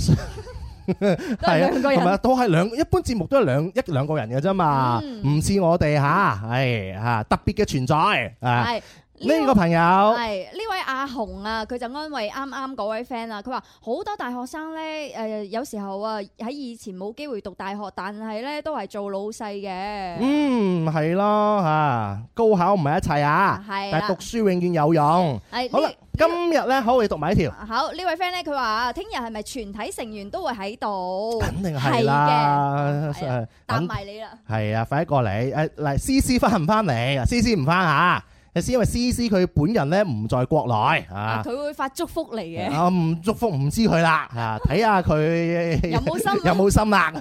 係啊，同埋都係兩一般節目都係兩一兩個人嘅啫嘛，唔似我哋吓，唉吓，特別嘅存在啊，係呢個朋友係呢位阿紅啊，佢就安慰啱啱嗰位 friend 啦。佢話好多大學生咧，誒，有時候啊，喺以前冇機會讀大學，但係咧都係做老細嘅。嗯，係咯吓，高考唔係一切啊。係，但係讀書永遠有用。好啦，今日咧，可唔可以讀埋一條。好，呢位 friend 咧，佢話啊，聽日係咪全體成員都會喺度？肯定係啦，答埋你啦。係啊，快啲過嚟。誒，嚟思思翻唔翻嚟？思思唔翻啊？誒，是因為思思佢本人咧唔在國內啊，佢會發祝福嚟嘅。啊，唔祝福唔知佢啦，吓睇下佢有冇心，有冇心啦。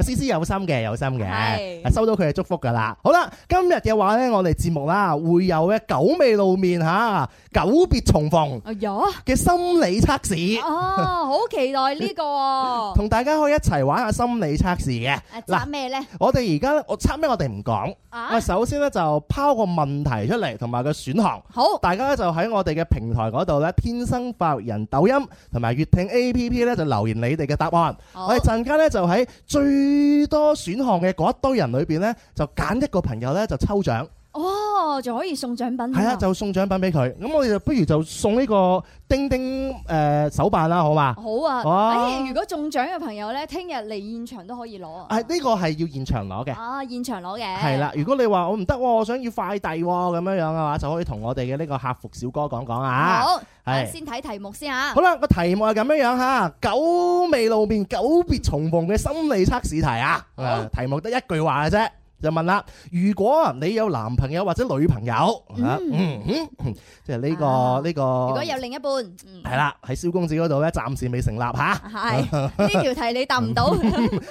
思思有心嘅，有心嘅，收到佢嘅祝福噶啦。好啦，今日嘅話咧，我哋節目啦會有嘅久未露面吓，久別重逢，哎呀嘅心理測試。 哦，好期待呢個，哦，同 大家可以一齊玩下心理測試嘅。嗱，咩咧？我哋而家我測咩？我哋唔講。啊，呢首先咧就拋個問題出嚟。同埋個選項，好，大家咧就喺我哋嘅平台嗰度咧，天生發人抖音同埋粵聽 A P P 咧就留言你哋嘅答案，好我哋陣間咧就喺最多選項嘅嗰一堆人裏邊咧，就揀一個朋友咧就抽獎。哦，就可以送獎品。係啊，就送獎品俾佢。咁我哋就不如就送呢個叮叮誒、呃、手辦啦，好嘛？好啊。誒、啊，如果中獎嘅朋友呢，聽日嚟現場都可以攞啊。呢、這個係要現場攞嘅。啊，現場攞嘅。係啦，如果你話我唔得，我想要快遞咁、哦、樣樣嘅話，就可以同我哋嘅呢個客服小哥講講啊。好。係是。先睇題目先吓、啊。好啦，個題目係咁樣樣、啊、吓，久未露面，久別重逢嘅心理測試題啊。好啊。題目得一句話嘅啫。就問啦，如果啊你有男朋友或者女朋友嚇，即係呢個呢個如果有另一半，係啦，喺小公子嗰度咧，暫時未成立嚇。係呢條題你答唔到，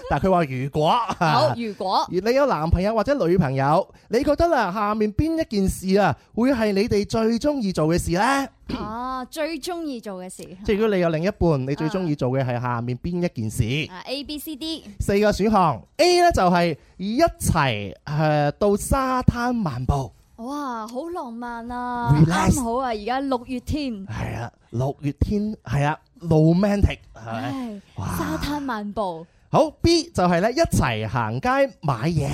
但係佢話如果好，如果你有男朋友或者女朋友，你覺得啦，下面邊一件事啊，會係你哋最中意做嘅事咧？哦、啊，最中意做嘅事。即係、啊、如果你有另一半，啊、你最中意做嘅係下面邊一件事、啊、？A B, C,、B、C、D 四個選項。A 咧就係一齊誒、uh, 到沙灘漫步。哇，好浪漫啊！啱 Relax, 好啊，而家六月天。係啊，六月天係啊，romantic 係。romantic, 是是哎、哇，沙灘漫步。好 B 就係咧一齊行街買嘢，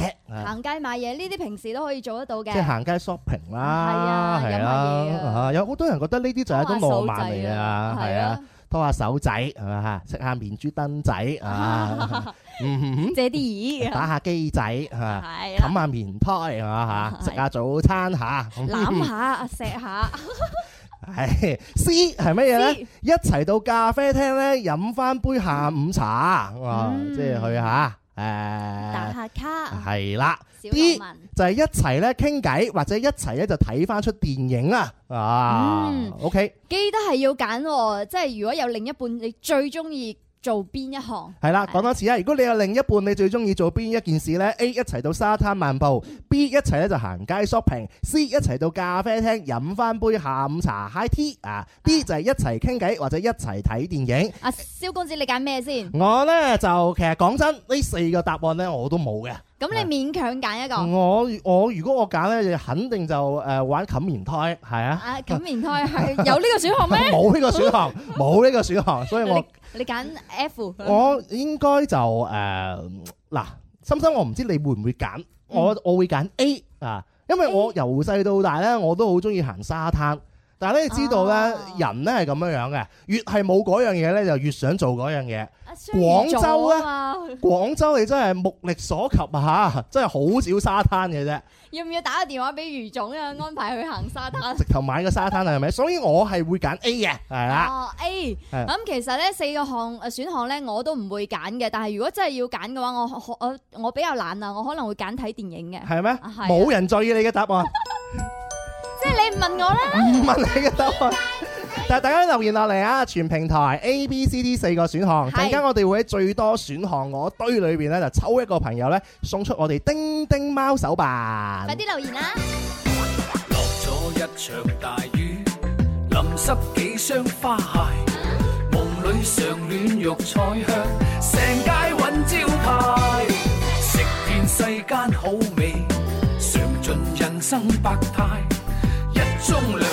行街買嘢呢啲平時都可以做得到嘅，即係行街 shopping 啦，係啊，有乜嘢、啊、有好多人覺得呢啲就係一種浪漫嚟啊，係啊，拖下手仔係嘛吓，食下麵珠墩仔啊，仔啊 嗯哼，嗯借啲椅，打下機仔吓，冚、啊啊、下棉胎啊吓，食、啊、下早餐吓，攬下啊錫下。嗯 係 C 係乜嘢咧？C 一齊到咖啡廳咧飲翻杯下午茶，嗯、即係去吓誒、呃、打下卡係啦。D 就係一齊咧傾偈，或者一齊咧就睇翻出電影啊！啊、嗯，OK，記得係要揀、哦，即係如果有另一半，你最中意。做邊一行？係啦，講多次啦。如果你有另一半，你最中意做邊一件事呢？A 一齊到沙灘漫步，B 一齊咧就行街 shopping，C 一齊到咖啡廳飲翻杯下午茶，High tea 啊的。D 就係一齊傾偈或者一齊睇電影。阿蕭、啊、公子你，你揀咩先？我呢，就其實講真，呢四個答案呢，我都冇嘅。咁你勉強揀一個？我我如果我揀咧，就肯定就誒、呃、玩冚棉胎係啊！啊，冚棉胎係有呢個選項咩？冇呢 個選項，冇呢個選項，所以我你揀 F。 我應該就誒嗱、呃，深深我會會、嗯我，我唔知你會唔會揀，我我會揀 A 啊，因為我由細到大咧，我都好中意行沙灘。但係咧，你知道咧，啊、人咧係咁樣樣嘅，越係冇嗰樣嘢咧，就越想做嗰樣嘢。啊、廣州啊，廣州你真係目力所及啊嚇，真係好少沙灘嘅啫。要唔要打個電話俾余總啊，安排去行沙灘？ 直頭買個沙灘啊，係咪？所以我係會揀 A 嘅，係啊。哦 A，咁的、嗯、其實咧四個項誒選項咧我都唔會揀嘅，但係如果真係要揀嘅話，我我，我比較懶啊，我可能會揀睇電影嘅。係咩嗎？冇人在意你嘅答案。 你唔問我啦，唔問你嘅答案。但係大家留言落嚟啊，全平台 A、B、C、D 四個選項，陣間我哋會喺最多選項我堆裏邊呢就抽一個朋友呢，送出我哋叮叮貓手辦。快啲留言啦！落咗一場大雨，淋濕幾雙花鞋。夢裏常戀玉彩香，成街揾招牌。食遍世間好味，嘗盡人生百態。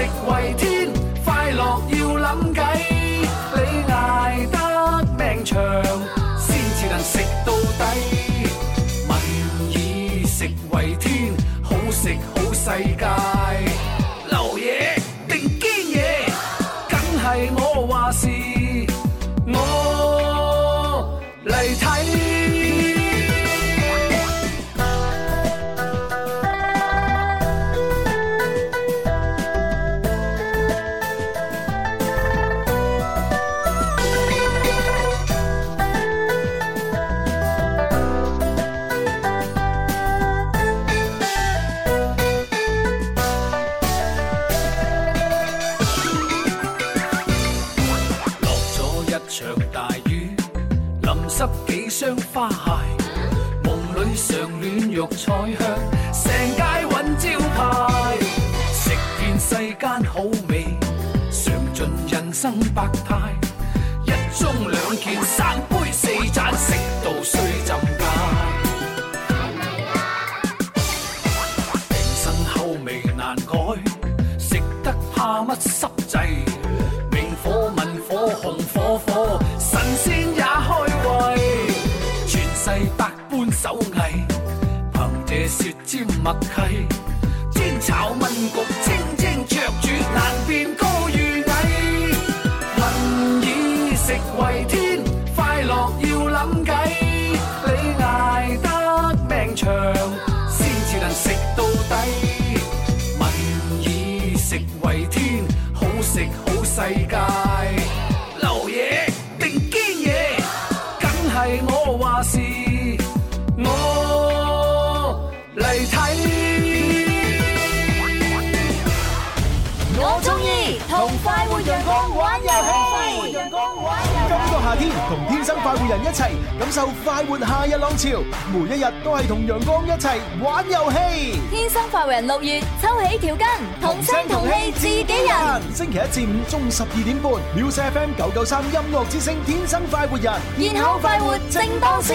食為天，快樂要諗計，你挨得命長，先至能食到底。民以食為天，好食好世界，流嘢、oh yeah, 定堅嘢，梗係我話事。生百態，一盅兩件三杯四盞，食到水浸街。平 生口味難改，食得怕乜濕滯？明火文火，紅火火，神仙也開胃。全世百般手藝，憑這舌尖默契，煎炒炆焗。世界。快活人一齊感受快活夏日浪潮，每一日都係同陽光一齊玩遊戲。天生快活人，六月抽起條筋，同聲同氣自己人。星期一至五中午十二點半，Music FM 九九三音樂之聲，天生快活人，然後快活正當時。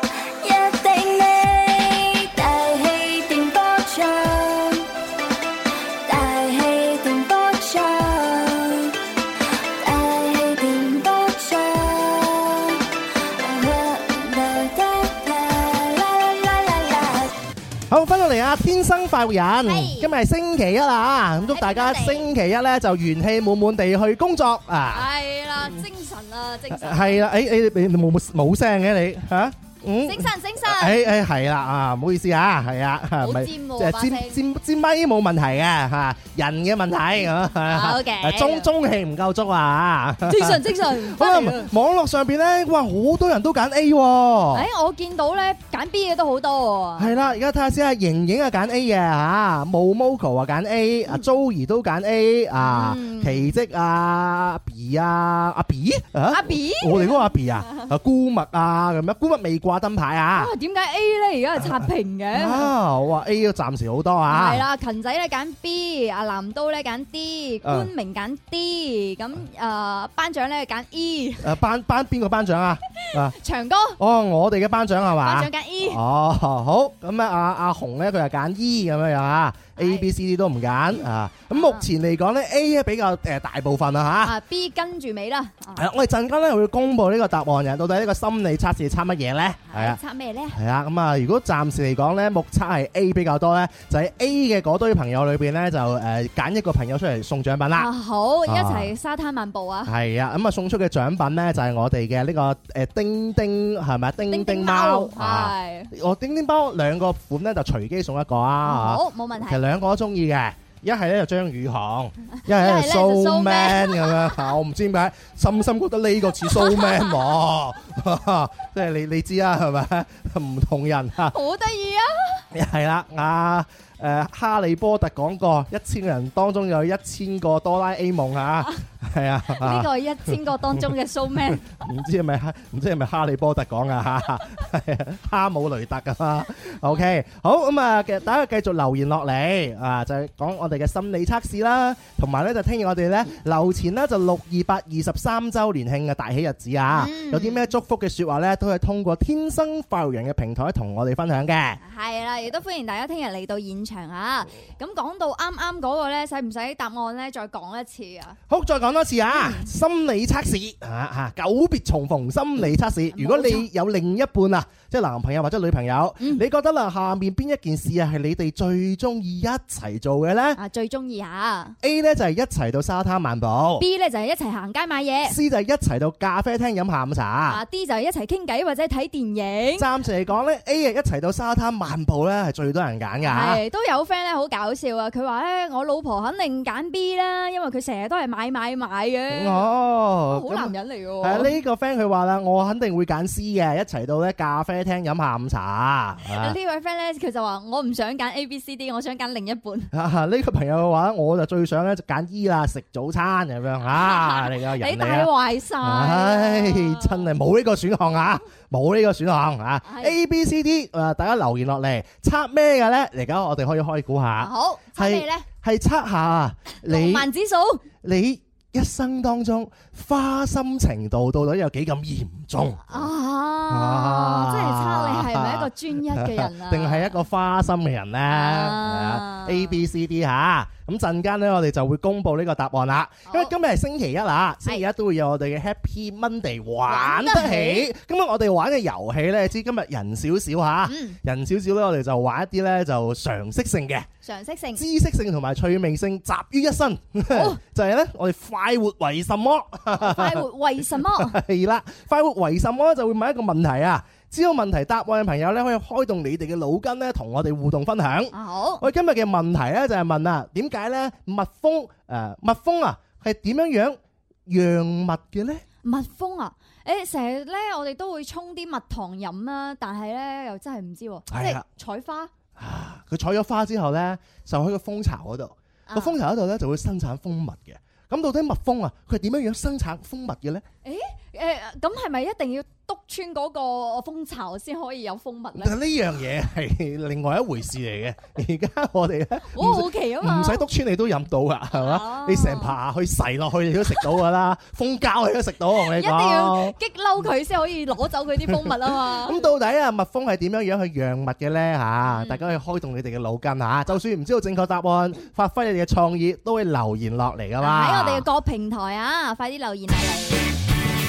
快活人，今日係星期一啦，咁祝大家星期一咧就元氣滿滿地去工作啊！係啦，精神啊，精神！係啦，誒誒，你冇冇聲嘅你嚇？精神精神，誒誒係啦啊，唔好意思吓，係啊，唔係，即係尖尖尖咪冇問題嘅吓，人嘅問題，好嘅，中中氣唔夠足啊，精神精神，可能網絡上邊咧，哇好多人都揀 A，誒我見到咧揀 B 嘅都好多，係啦，而家睇下先啊，瑩瑩啊揀 A 嘅吓，冇 Moko 啊揀 A，阿 Joey 都揀 A 啊，奇蹟啊阿 B 啊阿 B 啊阿 B，我哋嗰個阿 B 啊，阿姑麥啊咁樣，姑麥未掛。掛燈牌啊！點解 A 咧而家係刷屏嘅？哇、啊啊啊、A 都暫時好多啊！係啦，勤仔咧揀 B，阿南刀咧揀 D，官、啊、明揀 D，咁誒、呃，班長咧揀 E。誒、啊，班班邊個班長啊？ 長哥。哦，我哋嘅班長係嘛？班長揀 E。哦，好。咁、嗯、咧，阿阿紅咧，佢係揀 E 咁樣樣啊。啊 A、B、C、D 都唔揀啊！咁目前嚟講咧，A 咧比較誒大部分啦嚇。啊，B 跟住尾啦。係啦，我哋陣間咧會公佈呢個答案嘅。到底呢個心理測試測乜嘢咧？係啊，測咩咧？係啊，咁啊，如果暫時嚟講咧，目測係 A 比較多咧，就係 A 嘅嗰堆朋友裏邊咧，就誒揀一個朋友出嚟送獎品啦。好，一齊沙灘漫步啊！係啊，咁啊，送出嘅獎品咧就係我哋嘅呢個誒叮叮係咪啊？叮叮貓係。我叮叮包兩個款咧就隨機送一個啊！好，冇問題。兩個都中意嘅。一係咧就張宇航，一係就蘇 Man 咁樣吓，我唔知點解，深深覺得呢個似蘇、so、Man 喎、哦，即係 你你知啦、啊，係咪唔同人吓？好得意啊！係啦、啊、阿、啊、誒哈利波特講過，一千人當中有一千個哆啦 A 夢啊！ 係啊！呢個係一千個當中嘅 showman，唔 知係咪哈？唔知係咪哈利波特講啊吓？ 哈姆雷特噶 OK，好，咁啊，今日大家繼續留言落嚟啊，就係講我哋嘅心理測試啦，同埋咧就聽日我哋咧、嗯、流前呢，就六二八二十三周年慶嘅大喜日子啊，嗯、有啲咩祝福嘅說話咧，都可以通過天生快活人嘅平台同我哋分享嘅。係啦、啊，亦都歡迎大家聽日嚟到現場啊！咁講到啱啱嗰個咧，使唔使答案咧再講一次啊？好，再講。講多次啊，心理測試啊啊，久別重逢心理測試。如果你有另一半啊，冇錯，即係男朋友或者女朋友，嗯、你覺得啦，下面邊一件事啊係你哋最中意一齊做嘅呢？啊，最中意吓 A 呢就係、是、一齊到沙灘漫步，B 呢就係、是、一齊行街買嘢，C 就係一齊到咖啡廳飲下午茶，啊，D 就係一齊傾偈或者睇電影。暫時嚟講呢，A 啊一齊到沙灘漫步呢係最多人揀嘅，都有 friend 咧好搞笑啊！佢話誒，我老婆肯定揀 B 啦，因為佢成日都係買買。買嘅，oh，好男人嚟嘅。誒、啊、呢、這個 friend 佢話啦，我肯定會揀 C 嘅，一齊到咧咖啡廳飲下午茶。呢位 friend 咧，佢就話我唔想揀 A、B、C、D，我想揀另一半。呢、啊這個朋友嘅話咧，我就最想咧就揀 E 啦，食早餐咁樣吓。啊、 你又、啊、你帶壞晒，真係冇呢個選項啊，冇呢、嗯、個選項啊。的 A、B、C、D，誒，大家留言落嚟，測咩嘅咧？嚟緊我哋可以開估下。好，係咩咧？係測下你浪漫指數，你。一生當中，花心程度到底有幾咁嚴重啊？即係測你係咪一個專一嘅人啊？定係一個花心嘅人呢、啊、A B C, D,、啊、C、D 嚇咁陣間呢，我哋就會公布呢個答案啦。因為、哦、今日係星期一啊，星期一都會有我哋嘅 Happy Monday 玩得起。咁啊，我哋玩嘅遊戲呢，知今日人少少嚇，啊嗯、人少少呢，我哋就玩一啲呢，就常識性嘅常識性、知識性同埋趣味性集於一身， 就係呢，我哋快活為什麼？快活為什麼係啦？快活為什麼就會問一個問題啊？知道問題答案嘅朋友咧，可以開動你哋嘅腦筋咧，同我哋互動分享。啊、好，我哋今日嘅問題咧就係問啊，點解咧蜜蜂誒蜜蜂啊係點樣樣釀蜜嘅咧？蜜蜂啊，誒成日咧我哋都會沖啲蜜糖飲啊，但係咧又真係唔知，即係採花啊！佢採咗花之後咧，就去個蜂巢嗰度，個蜂巢嗰度咧就會生產蜂，蜂蜜嘅。咁到底蜜蜂啊，佢係點樣樣生產蜂蜜嘅咧？誒，誒，咁係咪一定要篤穿嗰個蜂巢先可以有蜂蜜咧？呢樣嘢係另外一回事嚟嘅。而家我哋咧，好好奇啊嘛，唔使篤穿你都飲到噶，係嘛？你成排去噬落去你都食到噶啦，蜂膠你都食到，我同你講。一定要激嬲佢先可以攞走佢啲蜂蜜啊嘛！咁到底啊，蜜蜂係點樣樣去釀蜜嘅咧？吓，大家去開動你哋嘅腦筋吓，就算唔知道正確答案，發揮你哋嘅創意，都會留言落嚟噶啦。喺我哋嘅各平台啊，快啲留言落嚟。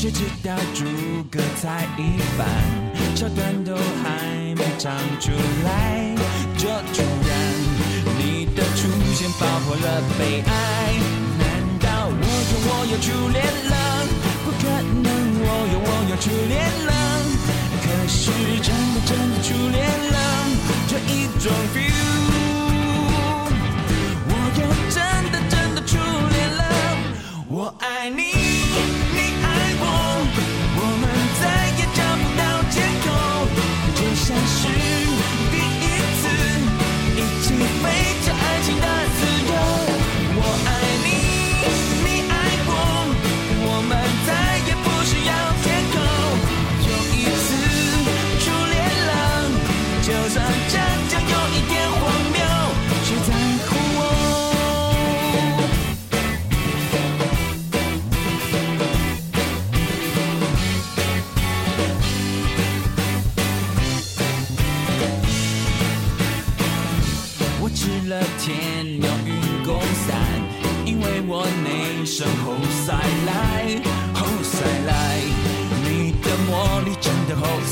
誰知道主歌才一半，橋段都還沒唱出來，這突然你的出現爆破了悲哀。難道我又我又初戀了？不可能我又我又初戀了。可是真的真的初戀了，這一種 feel，我又真的真的初戀了，我愛你。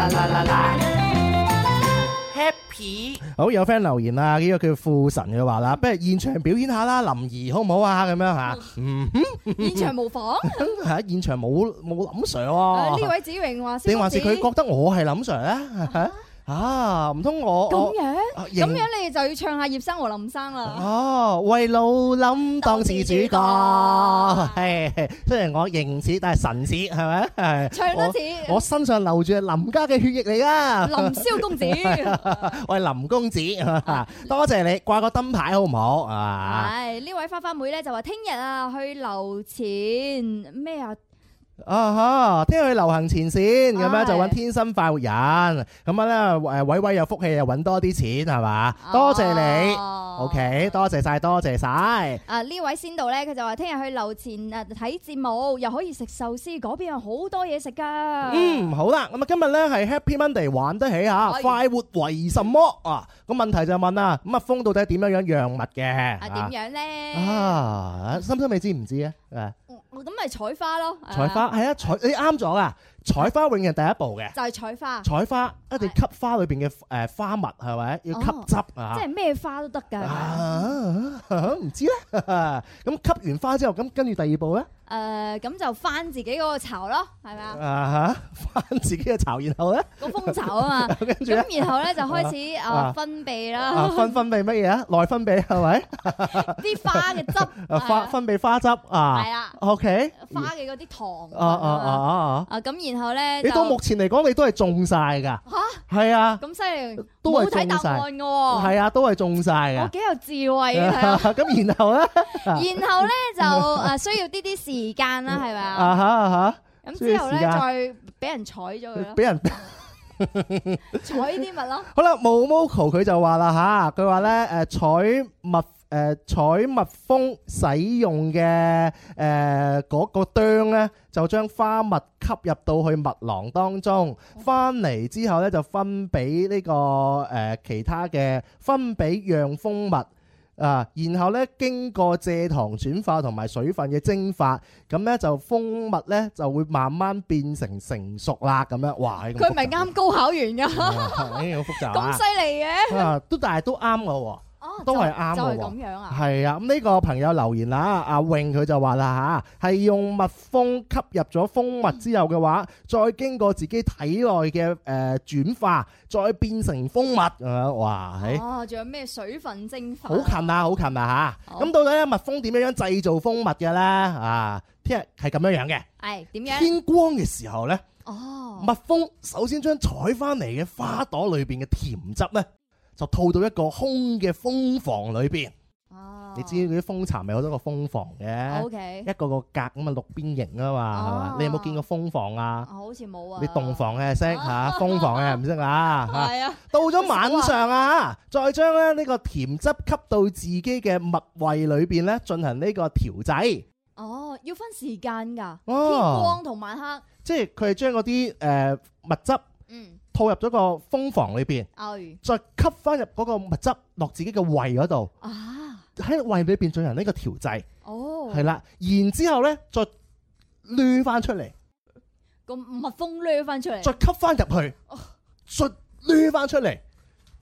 啦啦啦啦！Happy 好有 friend 留言啦，呢個叫富神嘅話啦，不如現場表演下啦，林怡好唔好啊？咁樣吓，嗯，現場模仿，係啊，現場冇冇林 sir 喎。呢位子榮話，定還是佢覺得我係林 sir 咧？啊，唔通我咁樣，咁我認 樣，你就要唱下葉生和林生啦。哦，為老林當次主角，係、哎、雖然我形似，但係神似，係咪啊？唱多次，我身上流住林家嘅血液嚟噶。林蕭公子，我係、哎、林公子，多謝你掛個燈牌好唔好啊？係、哎、呢、哎、位花花妹咧就話聽日啊去留錢咩啊？啊哈！聽日去流行前線咁樣就揾天生快活人，咁樣咧誒，偉偉有福氣又揾多啲錢係嘛、啊 OK？多謝你，OK，多謝晒，多謝晒。啊呢位先到咧，佢就話聽日去樓前誒睇節目，又可以食壽司，嗰邊有好多嘢食噶。嗯，好啦，咁啊今日咧係 Happy Monday，玩得起吓，啊哎、快活為什麼啊？咁問題就問啦，咁啊風到底點樣樣？洋物嘅啊，點樣咧？啊，深深你知唔知啊？啊啊咁咪採花咯，採花係啊，採，你啱咗啊，採花永遠第一步嘅，就係採花，採花一定要吸花裏邊嘅誒花蜜係咪？要吸汁啊，即係咩花都得噶，唔、啊、知咧。咁吸完花之後，咁跟住第二步咧。誒，咁就翻自己嗰個巢咯，係咪啊？啊吓，翻自己嘅巢，然後咧？個蜂巢啊嘛，跟住，咁然後咧就開始啊分泌啦。啊，分分泌乜嘢啊？內分泌係咪？啲花嘅汁，花分泌花汁啊。係啊。OK。花嘅嗰啲糖。啊啊啊啊咁然後咧。你到目前嚟講，你都係種晒噶。吓。係啊。咁犀利，都冇睇答案㗎喎。係啊，都係種晒啊。我幾有智慧啊！咁然後咧？然後咧就誒需要啲啲事。時間啦，係咪啊？啊吓！咁、啊、之後咧，再俾人採咗佢咯，俾人採呢啲物咯。 好啦，毛毛蟲佢就話啦吓，佢話咧誒，採蜜誒，採、呃、蜜蜂使用嘅誒嗰個漿咧，就將花蜜吸入到去蜜囊當中，翻嚟之後咧，就分俾呢、這個誒、呃、其他嘅，分俾釀蜂，蜂蜜。啊，然後咧經過蔗糖轉化同埋水分嘅蒸發，咁咧就蜂蜜咧就會慢慢變成成熟啦。咁樣，哇！佢唔係啱高考完㗎，好複雜，咁犀利嘅，哎、啊，啊都但係都啱嘅喎。都係啱嘅喎，係啊！咁呢個朋友留言啦，阿穎佢就話啦嚇，係用蜜蜂吸入咗蜂蜜之後嘅話，再經過自己體內嘅誒轉化，再變成蜂蜜咁樣，哇！哦，仲有咩水分蒸發？好近啊，好近啊。嚇！咁到底蜜蜂點樣樣製造蜂蜜嘅咧？啊，聽日係咁樣樣嘅，係點樣？天光嘅時候咧，蜜蜂首先將採翻嚟嘅花朵裏邊嘅甜汁咧。就套到一個空嘅蜂房裏邊。哦，你知嗰啲蜂巢咪有好多個蜂房嘅，OK，一個個格咁啊，六邊形啊嘛，係嘛？你有冇見過蜂房啊？好似冇啊！你洞房嘅識嚇，蜂房嘅唔識啦。係啊，到咗晚上啊，再將咧呢個甜汁吸到自己嘅蜜胃裏邊咧，進行呢個調製。哦，要分時間㗎，天光同晚黑。即係佢係將嗰啲誒蜜汁。嗯。套入咗個蜂房裏邊，再吸翻入嗰個物質落自己嘅胃嗰度，喺胃裏邊進行呢個調製，係啦，然之後呢，再攣翻出嚟，個蜜蜂攣翻出嚟，再吸翻入去，再攣翻出嚟，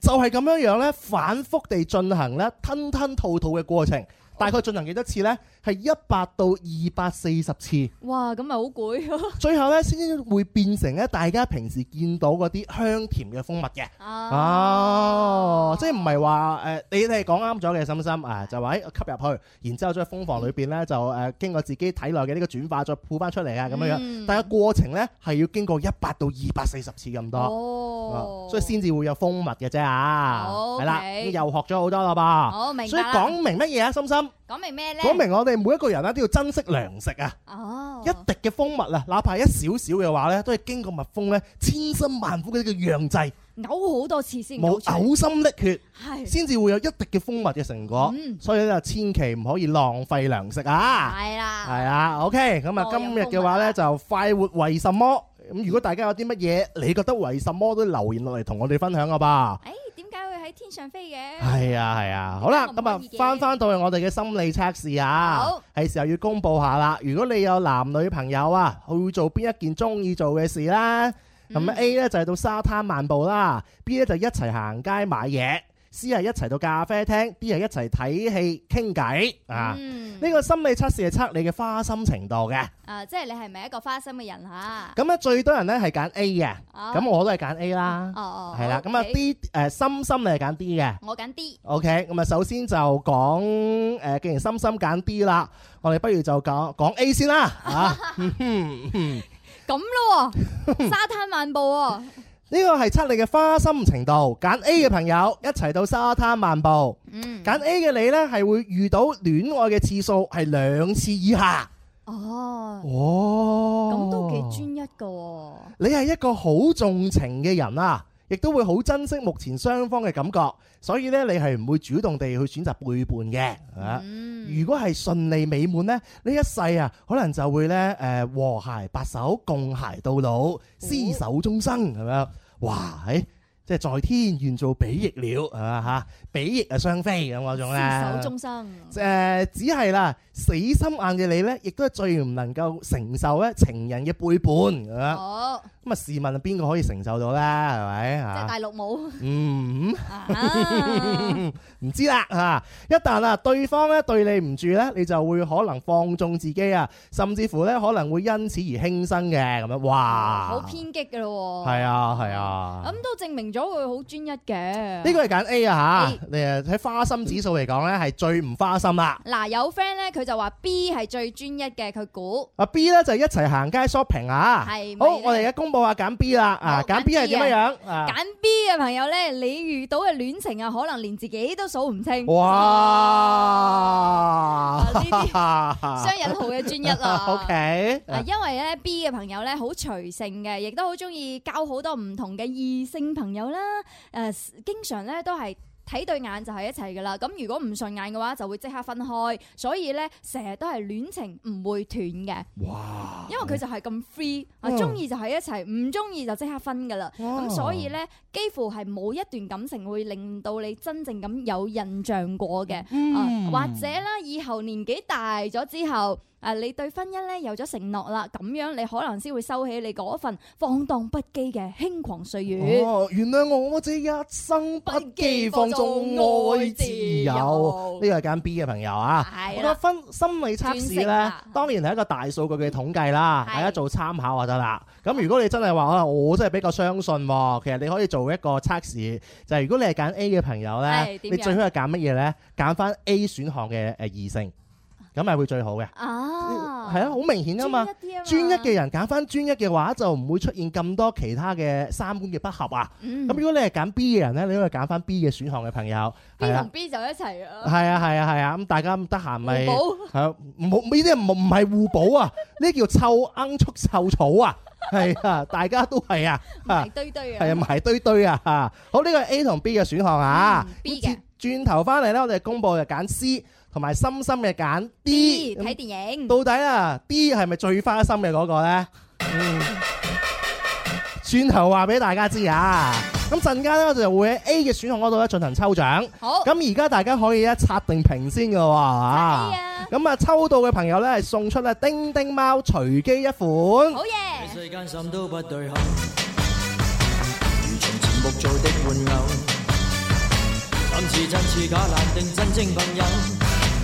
就係咁樣樣呢，反復地進行呢吞吞吐吐嘅過程，哦、大概進、okay. 行幾多次呢？係一百到二百四十次，哇！咁咪好攰咯。 最後呢，先會變成咧大家平時見到嗰啲香甜嘅蜂蜜嘅。哦，哦即係唔係話誒，你哋講啱咗嘅，心心啊，就話、欸、吸入去，然之後喺蜂房裏邊呢，就誒、呃、經過自己體內嘅呢個轉化再，再吐翻出嚟嘅咁樣樣。但係過程呢，係要經過一百到二百四十次咁多、哦啊，所以先至會有蜂蜜嘅啫啊！係啦、哦 okay，又學咗好多啦噃。好明。所以講明乜嘢啊，心心？講明咩咧？講明我哋每一個人咧都要珍惜糧食啊！哦，oh. 一滴嘅蜂蜜啊，哪怕一少少嘅話呢，都係經過蜜蜂呢千辛萬苦嘅啲叫釀製，嘔好多次先，冇？嘔心瀝血，先至係，會有一滴嘅蜂蜜嘅成果。嗯，所以咧，千祈唔可以浪費糧食啊！係啦，係啊，OK。咁啊，okay, 今日嘅話呢，就快活為什麼？咁如果大家有啲乜嘢，你覺得為什麼都留言落嚟同我哋分享啊吧。哎喺天上飛嘅係啊係啊，好啦，咁啊翻翻到去我哋嘅心理測試啊，好，係時候要公布下啦。如果你有男女朋友啊，會做邊一件中意做嘅事啦？咁、嗯、A 呢，就係、是、到沙灘漫步啦，B 咧就是、一齊行街買嘢。C 係一齊到咖啡廳 d 係一齊睇戲傾偈。啊！呢、嗯、個心理測試係測你嘅花心程度嘅、嗯。誒，即係你係咪一個花心嘅人吓？咁咧最多人咧係揀 A 嘅，咁、啊哦、我都係揀 A 啦。哦,哦，係啦，咁啊 D 誒心心你係揀 D 嘅，我揀 D。OK，咁啊首先就講誒，既然心心揀 D 啦，我哋不如就講講 A 先啦。啊，咁、嗯、咯，沙灘漫步、啊。呢個係測你嘅花心程度，揀 A 嘅朋友一齊到沙灘漫步。揀、嗯、A 嘅你呢係會遇到戀愛嘅次數係兩次以下。啊、哦，哇，咁都幾專一㗎喎、哦。你係一個好重情嘅人啊！亦都會好珍惜目前雙方嘅感覺，所以咧你係唔會主動地去選擇背叛嘅。嗯、如果係順利美滿呢，呢一世啊，可能就會咧誒和諧白首共偕到老，厮守終生咁樣。哇，喺、嗯、即係在天願做比翼鳥啊比翼啊雙飛咁嗰種咧。厮守終生誒、呃，只係啦。死心眼嘅你呢，亦都係最唔能夠承受呢情人嘅背叛。好咁啊，試問邊個可以承受到呢？係咪啊？即係大陸冇、嗯。嗯。唔、啊、 知啦嚇！一旦啊對方呢對你唔住呢，你就會可能放縱自己啊，甚至乎呢可能會因此而輕生嘅咁樣。哇！好、嗯、偏激嘅咯喎。係啊，係啊。咁、啊、都證明咗佢好專一嘅。呢個係揀 A 啊嚇！誒喺花心指數嚟講、啊、呢，係最唔花心啦。嗱有 friend 呢，佢。就話 B 係最專一嘅，佢估。啊 B 咧，就是，一齊行街 shopping 啊。係。好，我哋而家公布下揀 B 啦。啊好，揀選 B 係點樣樣？揀 B 嘅朋友咧，你遇到嘅戀情啊，可能連自己都數唔清。哇！雙引號嘅專一啦。 OK。啊，因為咧 B 嘅朋友咧好隨性嘅，亦都好中意交好多唔同嘅異性朋友啦。誒，經常咧都係。睇對眼就係一齊噶啦，咁如果唔順眼嘅話，就會即刻分開。所以咧，成日都係戀情唔會斷嘅。哇！因為佢就係咁 free，中意哇就喺一齊，唔中意就即刻分噶啦。咁哇所以咧，幾乎係冇一段感情會令到你真正咁有印象過嘅。嗯，啊。或者咧，以後年紀大咗之後。誒，你對婚姻咧，有咗承諾啦，咁樣你可能先會收起你嗰份放蕩不羈嘅輕狂歲月。哦、原諒我，我這一生不羈放縱愛自由，呢個係揀 B 嘅朋友啊。係啊。我覺得份心理測試咧，啊、當然係一個大數據嘅統計啦，嗯、大家做參考就得啦。咁是如果你真係話，我真係比較相信，其實你可以做一個測試，就係、是、如果你係揀 A 嘅朋友咧，你最好係揀乜嘢咧？揀翻 A 選項嘅誒異性。咁係會最好嘅。係啊，好明顯啊嘛，專一嘅人揀翻專一嘅話就唔會出現咁多其他嘅三觀嘅不合啊。咁如果你係揀 B 嘅人咧，你應該揀翻 B 嘅選項嘅朋友。B 同 B 就一齊啊。係啊係啊係啊，咁大家得閒咪係啊，冇呢啲唔唔係互補啊，呢叫臭罌促臭草啊。係啊，大家都係啊，堆堆係啊，埋堆堆啊。好，呢個 A 同 B 嘅選項啊，轉頭翻嚟咧，我哋公布就揀 C。同埋深深嘅揀 D，睇電影到底啦，啊，D 係咪最花心嘅嗰個咧？嗯，唉轉頭話俾大家知啊，咁陣間我哋就會喺 A 嘅選項嗰度咧進行抽獎。好，咁而家大家可以咧刷定屏先嘅喎啊！咁啊抽到嘅朋友咧係送出咧叮叮貓隨機一款。好嘢耶！世間都不對如木做的慈慈難定真真假定正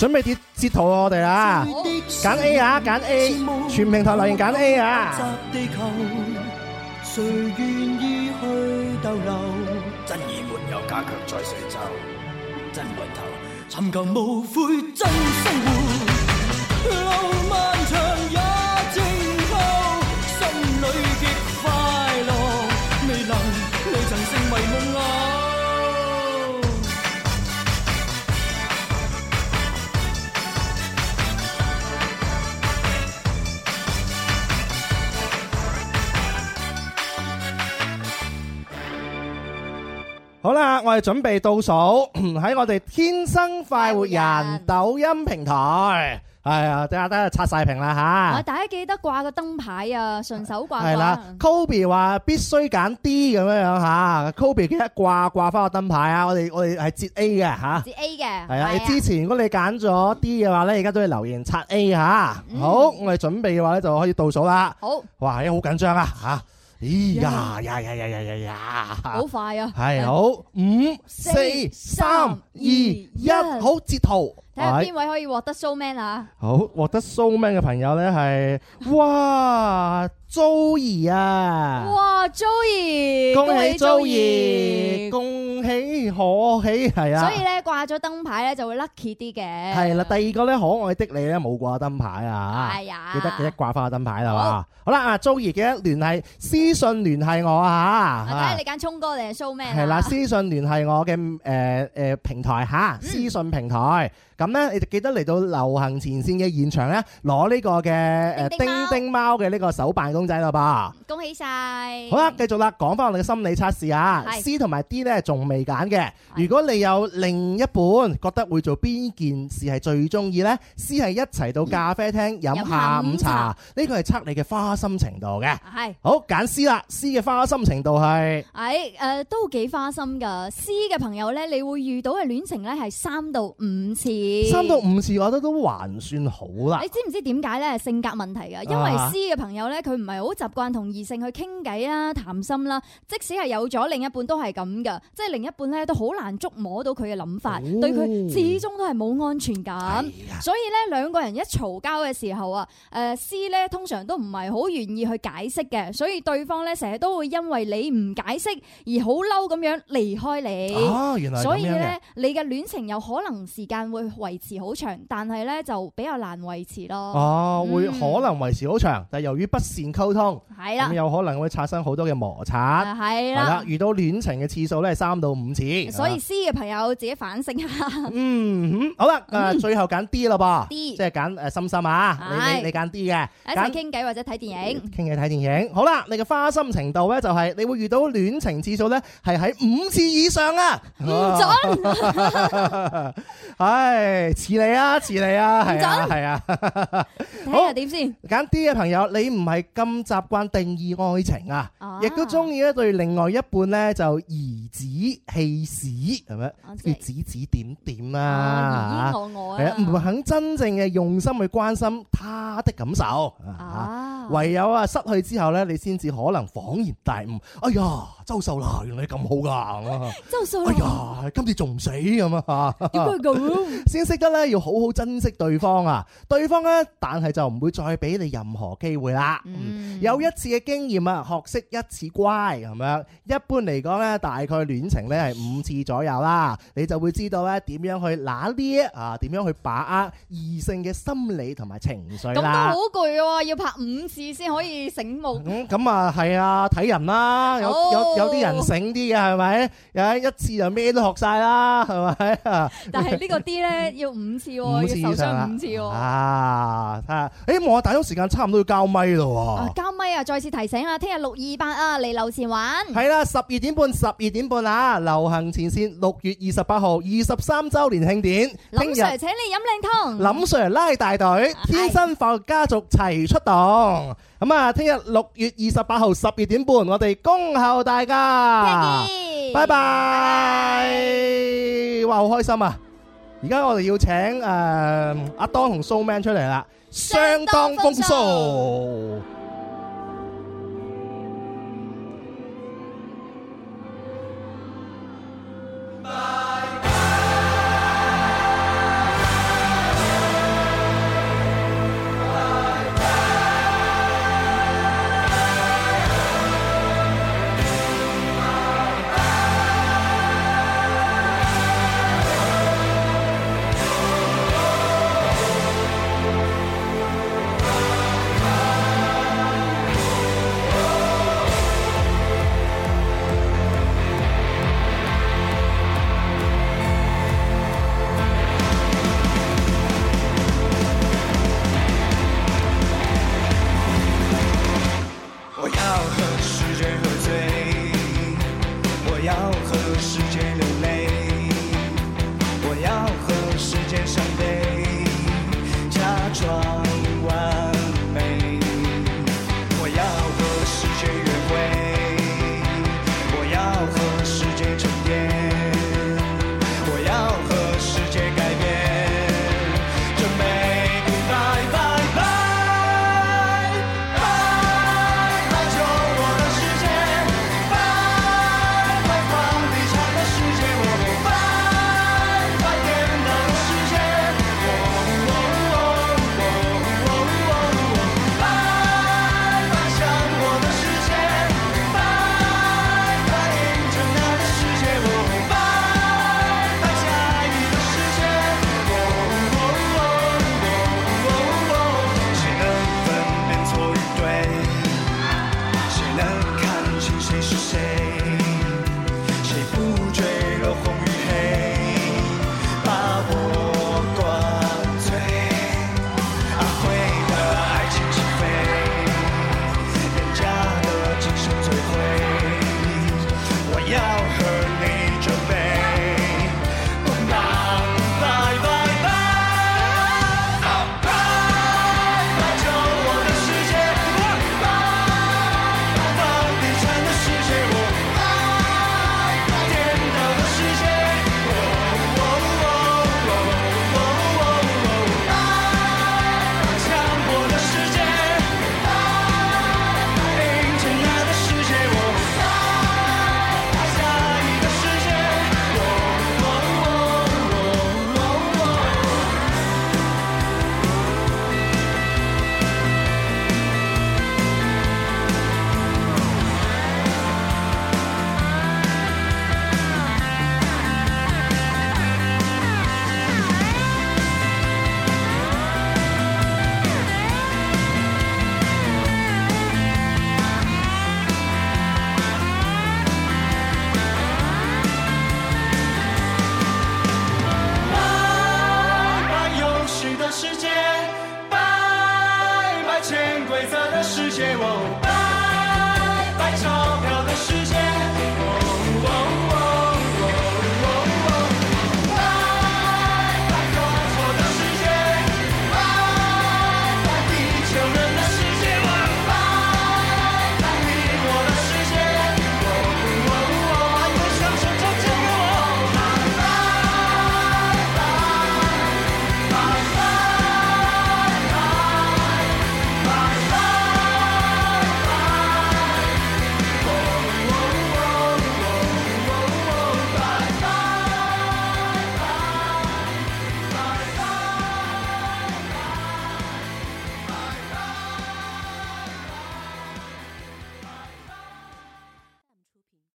準備截截圖喎，我哋啊，揀 A 啊，揀 A，全平台留言揀 A 啊。好啦，我哋準備倒數喺 我哋天生快活人抖音平台，係的、哎、啊，等下等下刷晒屏啦吓！大家記得掛個燈牌啊，順手掛，係啦，Kobe 話必須揀 D 咁樣樣吓，Kobe 記得掛掛翻個燈牌啊！我哋我哋係接 A 嘅吓，接 A 嘅係啊！你之前如果你揀咗 D 嘅話咧，而家都要留言刷 A 吓、啊。好，我哋準備嘅話咧就可以倒數啦。好，哇，好緊張啊吓！咦呀呀呀呀呀呀呀！好快啊！係好，五、四、三、二、一，好截圖。有邊位可以獲得 showman 啊？好，獲得 showman 嘅朋友咧，係哇，周兒啊！哇，周兒，恭喜周兒，恭喜可喜係啊！所以咧掛咗燈牌咧就會 lucky 啲嘅。係啦，第二個咧可愛的你咧冇掛燈牌啊！係啊，記得記得掛翻個燈牌啦，好啦，啊，周兒記得聯繫私信聯繫我啊，係嘛？我睇你揀聰哥定係 showman？係啦，私信聯繫我嘅誒誒平台吓，私信平台咁。咧、嗯、你就記得嚟到流行前線嘅現場咧，攞呢個嘅誒叮叮貓嘅呢個手辦公仔啦，噃，恭喜晒！好啦，繼續啦，講翻我哋嘅心理測試啊是，C 同埋 D 咧仲未揀嘅。如果你有另一半，覺得會做邊件事係最中意呢？C 係一齊到咖啡廳、嗯、飲下午茶，呢酒個係測你嘅花心程度嘅。係是好揀 C 啦，C 嘅花心程度係喺、哎呃、都幾花心噶。C 嘅朋友呢，你會遇到嘅戀情呢係三到五次。三到五次我覺得都還算好啦。你知唔知點解咧？性格問題嘅、啊，因為 C 嘅朋友咧，佢唔係好習慣同異性去傾偈啦、談心啦、啊。即使係有咗另一半都係咁噶，即係另一半咧都好難捉摸到佢嘅諗法，哦、對佢始終都係冇安全感。是啊、所以咧，兩個人一嘈交嘅時候是啊、呃，誒 C 咧通常都唔係好願意去解釋嘅，所以對方咧成日都會因為你唔解釋而好嬲咁樣離開你。哦、原來所以咧，你嘅戀情有可能時間會維持好長，但係咧就比較難維持咯。哦、啊，會可能維持好長，但係由於不善溝通，係啦的，有可能會產生好多嘅摩擦，係啦的。遇到戀情嘅次數咧係三到五次，所以 C 嘅朋友自己反省下。嗯，好啦，誒，最後揀 D 啦噃，D 即係揀誒心心啊，嗯、你你揀 D 嘅，的 D 一齊傾偈或者睇電影，傾偈睇電影。好啦，你嘅花心程度咧就係你會遇到戀情次數咧係喺五次以上啊，唔準、嗯，係。 似你啊，似你啊，係啊，係啊。睇下點先？揀啲嘅朋友，你唔係咁習慣定義愛情啊，亦、啊、都中意一對另外一半咧就頤指氣使，係咪？謝謝叫指指點點啊，恩、嗯、啊。唔、啊、肯真正嘅用心去關心他的感受啊，啊唯有啊失去之後咧，你先至可能恍然大悟。哎呀，周秀娜原來你咁好噶、啊，周秀。哎呀，今次仲唔死咁啊？應該咁。識得咧，要好好珍惜對方啊！對方呢，但係就唔會再俾你任何機會啦。嗯，有一次嘅經驗啊，學識一次乖咁樣。一般嚟講呢，大概戀情呢係五次左右啦，你就會知道呢點樣去拿啲啊，點樣去把握異性嘅心理同埋情緒啦。咁都好攰喎，要拍五次先可以醒目。咁啊，係啊，睇人啦，嗯，有有啲人醒啲嘅係咪？有，有係係，嗯，一次就咩都學晒啦，係咪？但係呢個啲呢。要五次、喔，五次要受傷五次、喔、啊！睇誒，我大鐘時間差唔多要交咪咯、啊。交咪啊！再次提醒啊，聽日六二八啊，嚟樓前玩。係啦、啊，十二點半，十二點半啊！流行前線六月二十八號二十三周年慶典，林 Sir 請你飲靚湯，林 Sir 拉大隊，天生發家族齊出動。咁是啊，聽日六月二十八號十二點半，我哋恭候大家。拜拜。Bye bye Bye 哇，好開心啊！而家我哋要請誒阿當同 Showman 出嚟啦，相當風騷。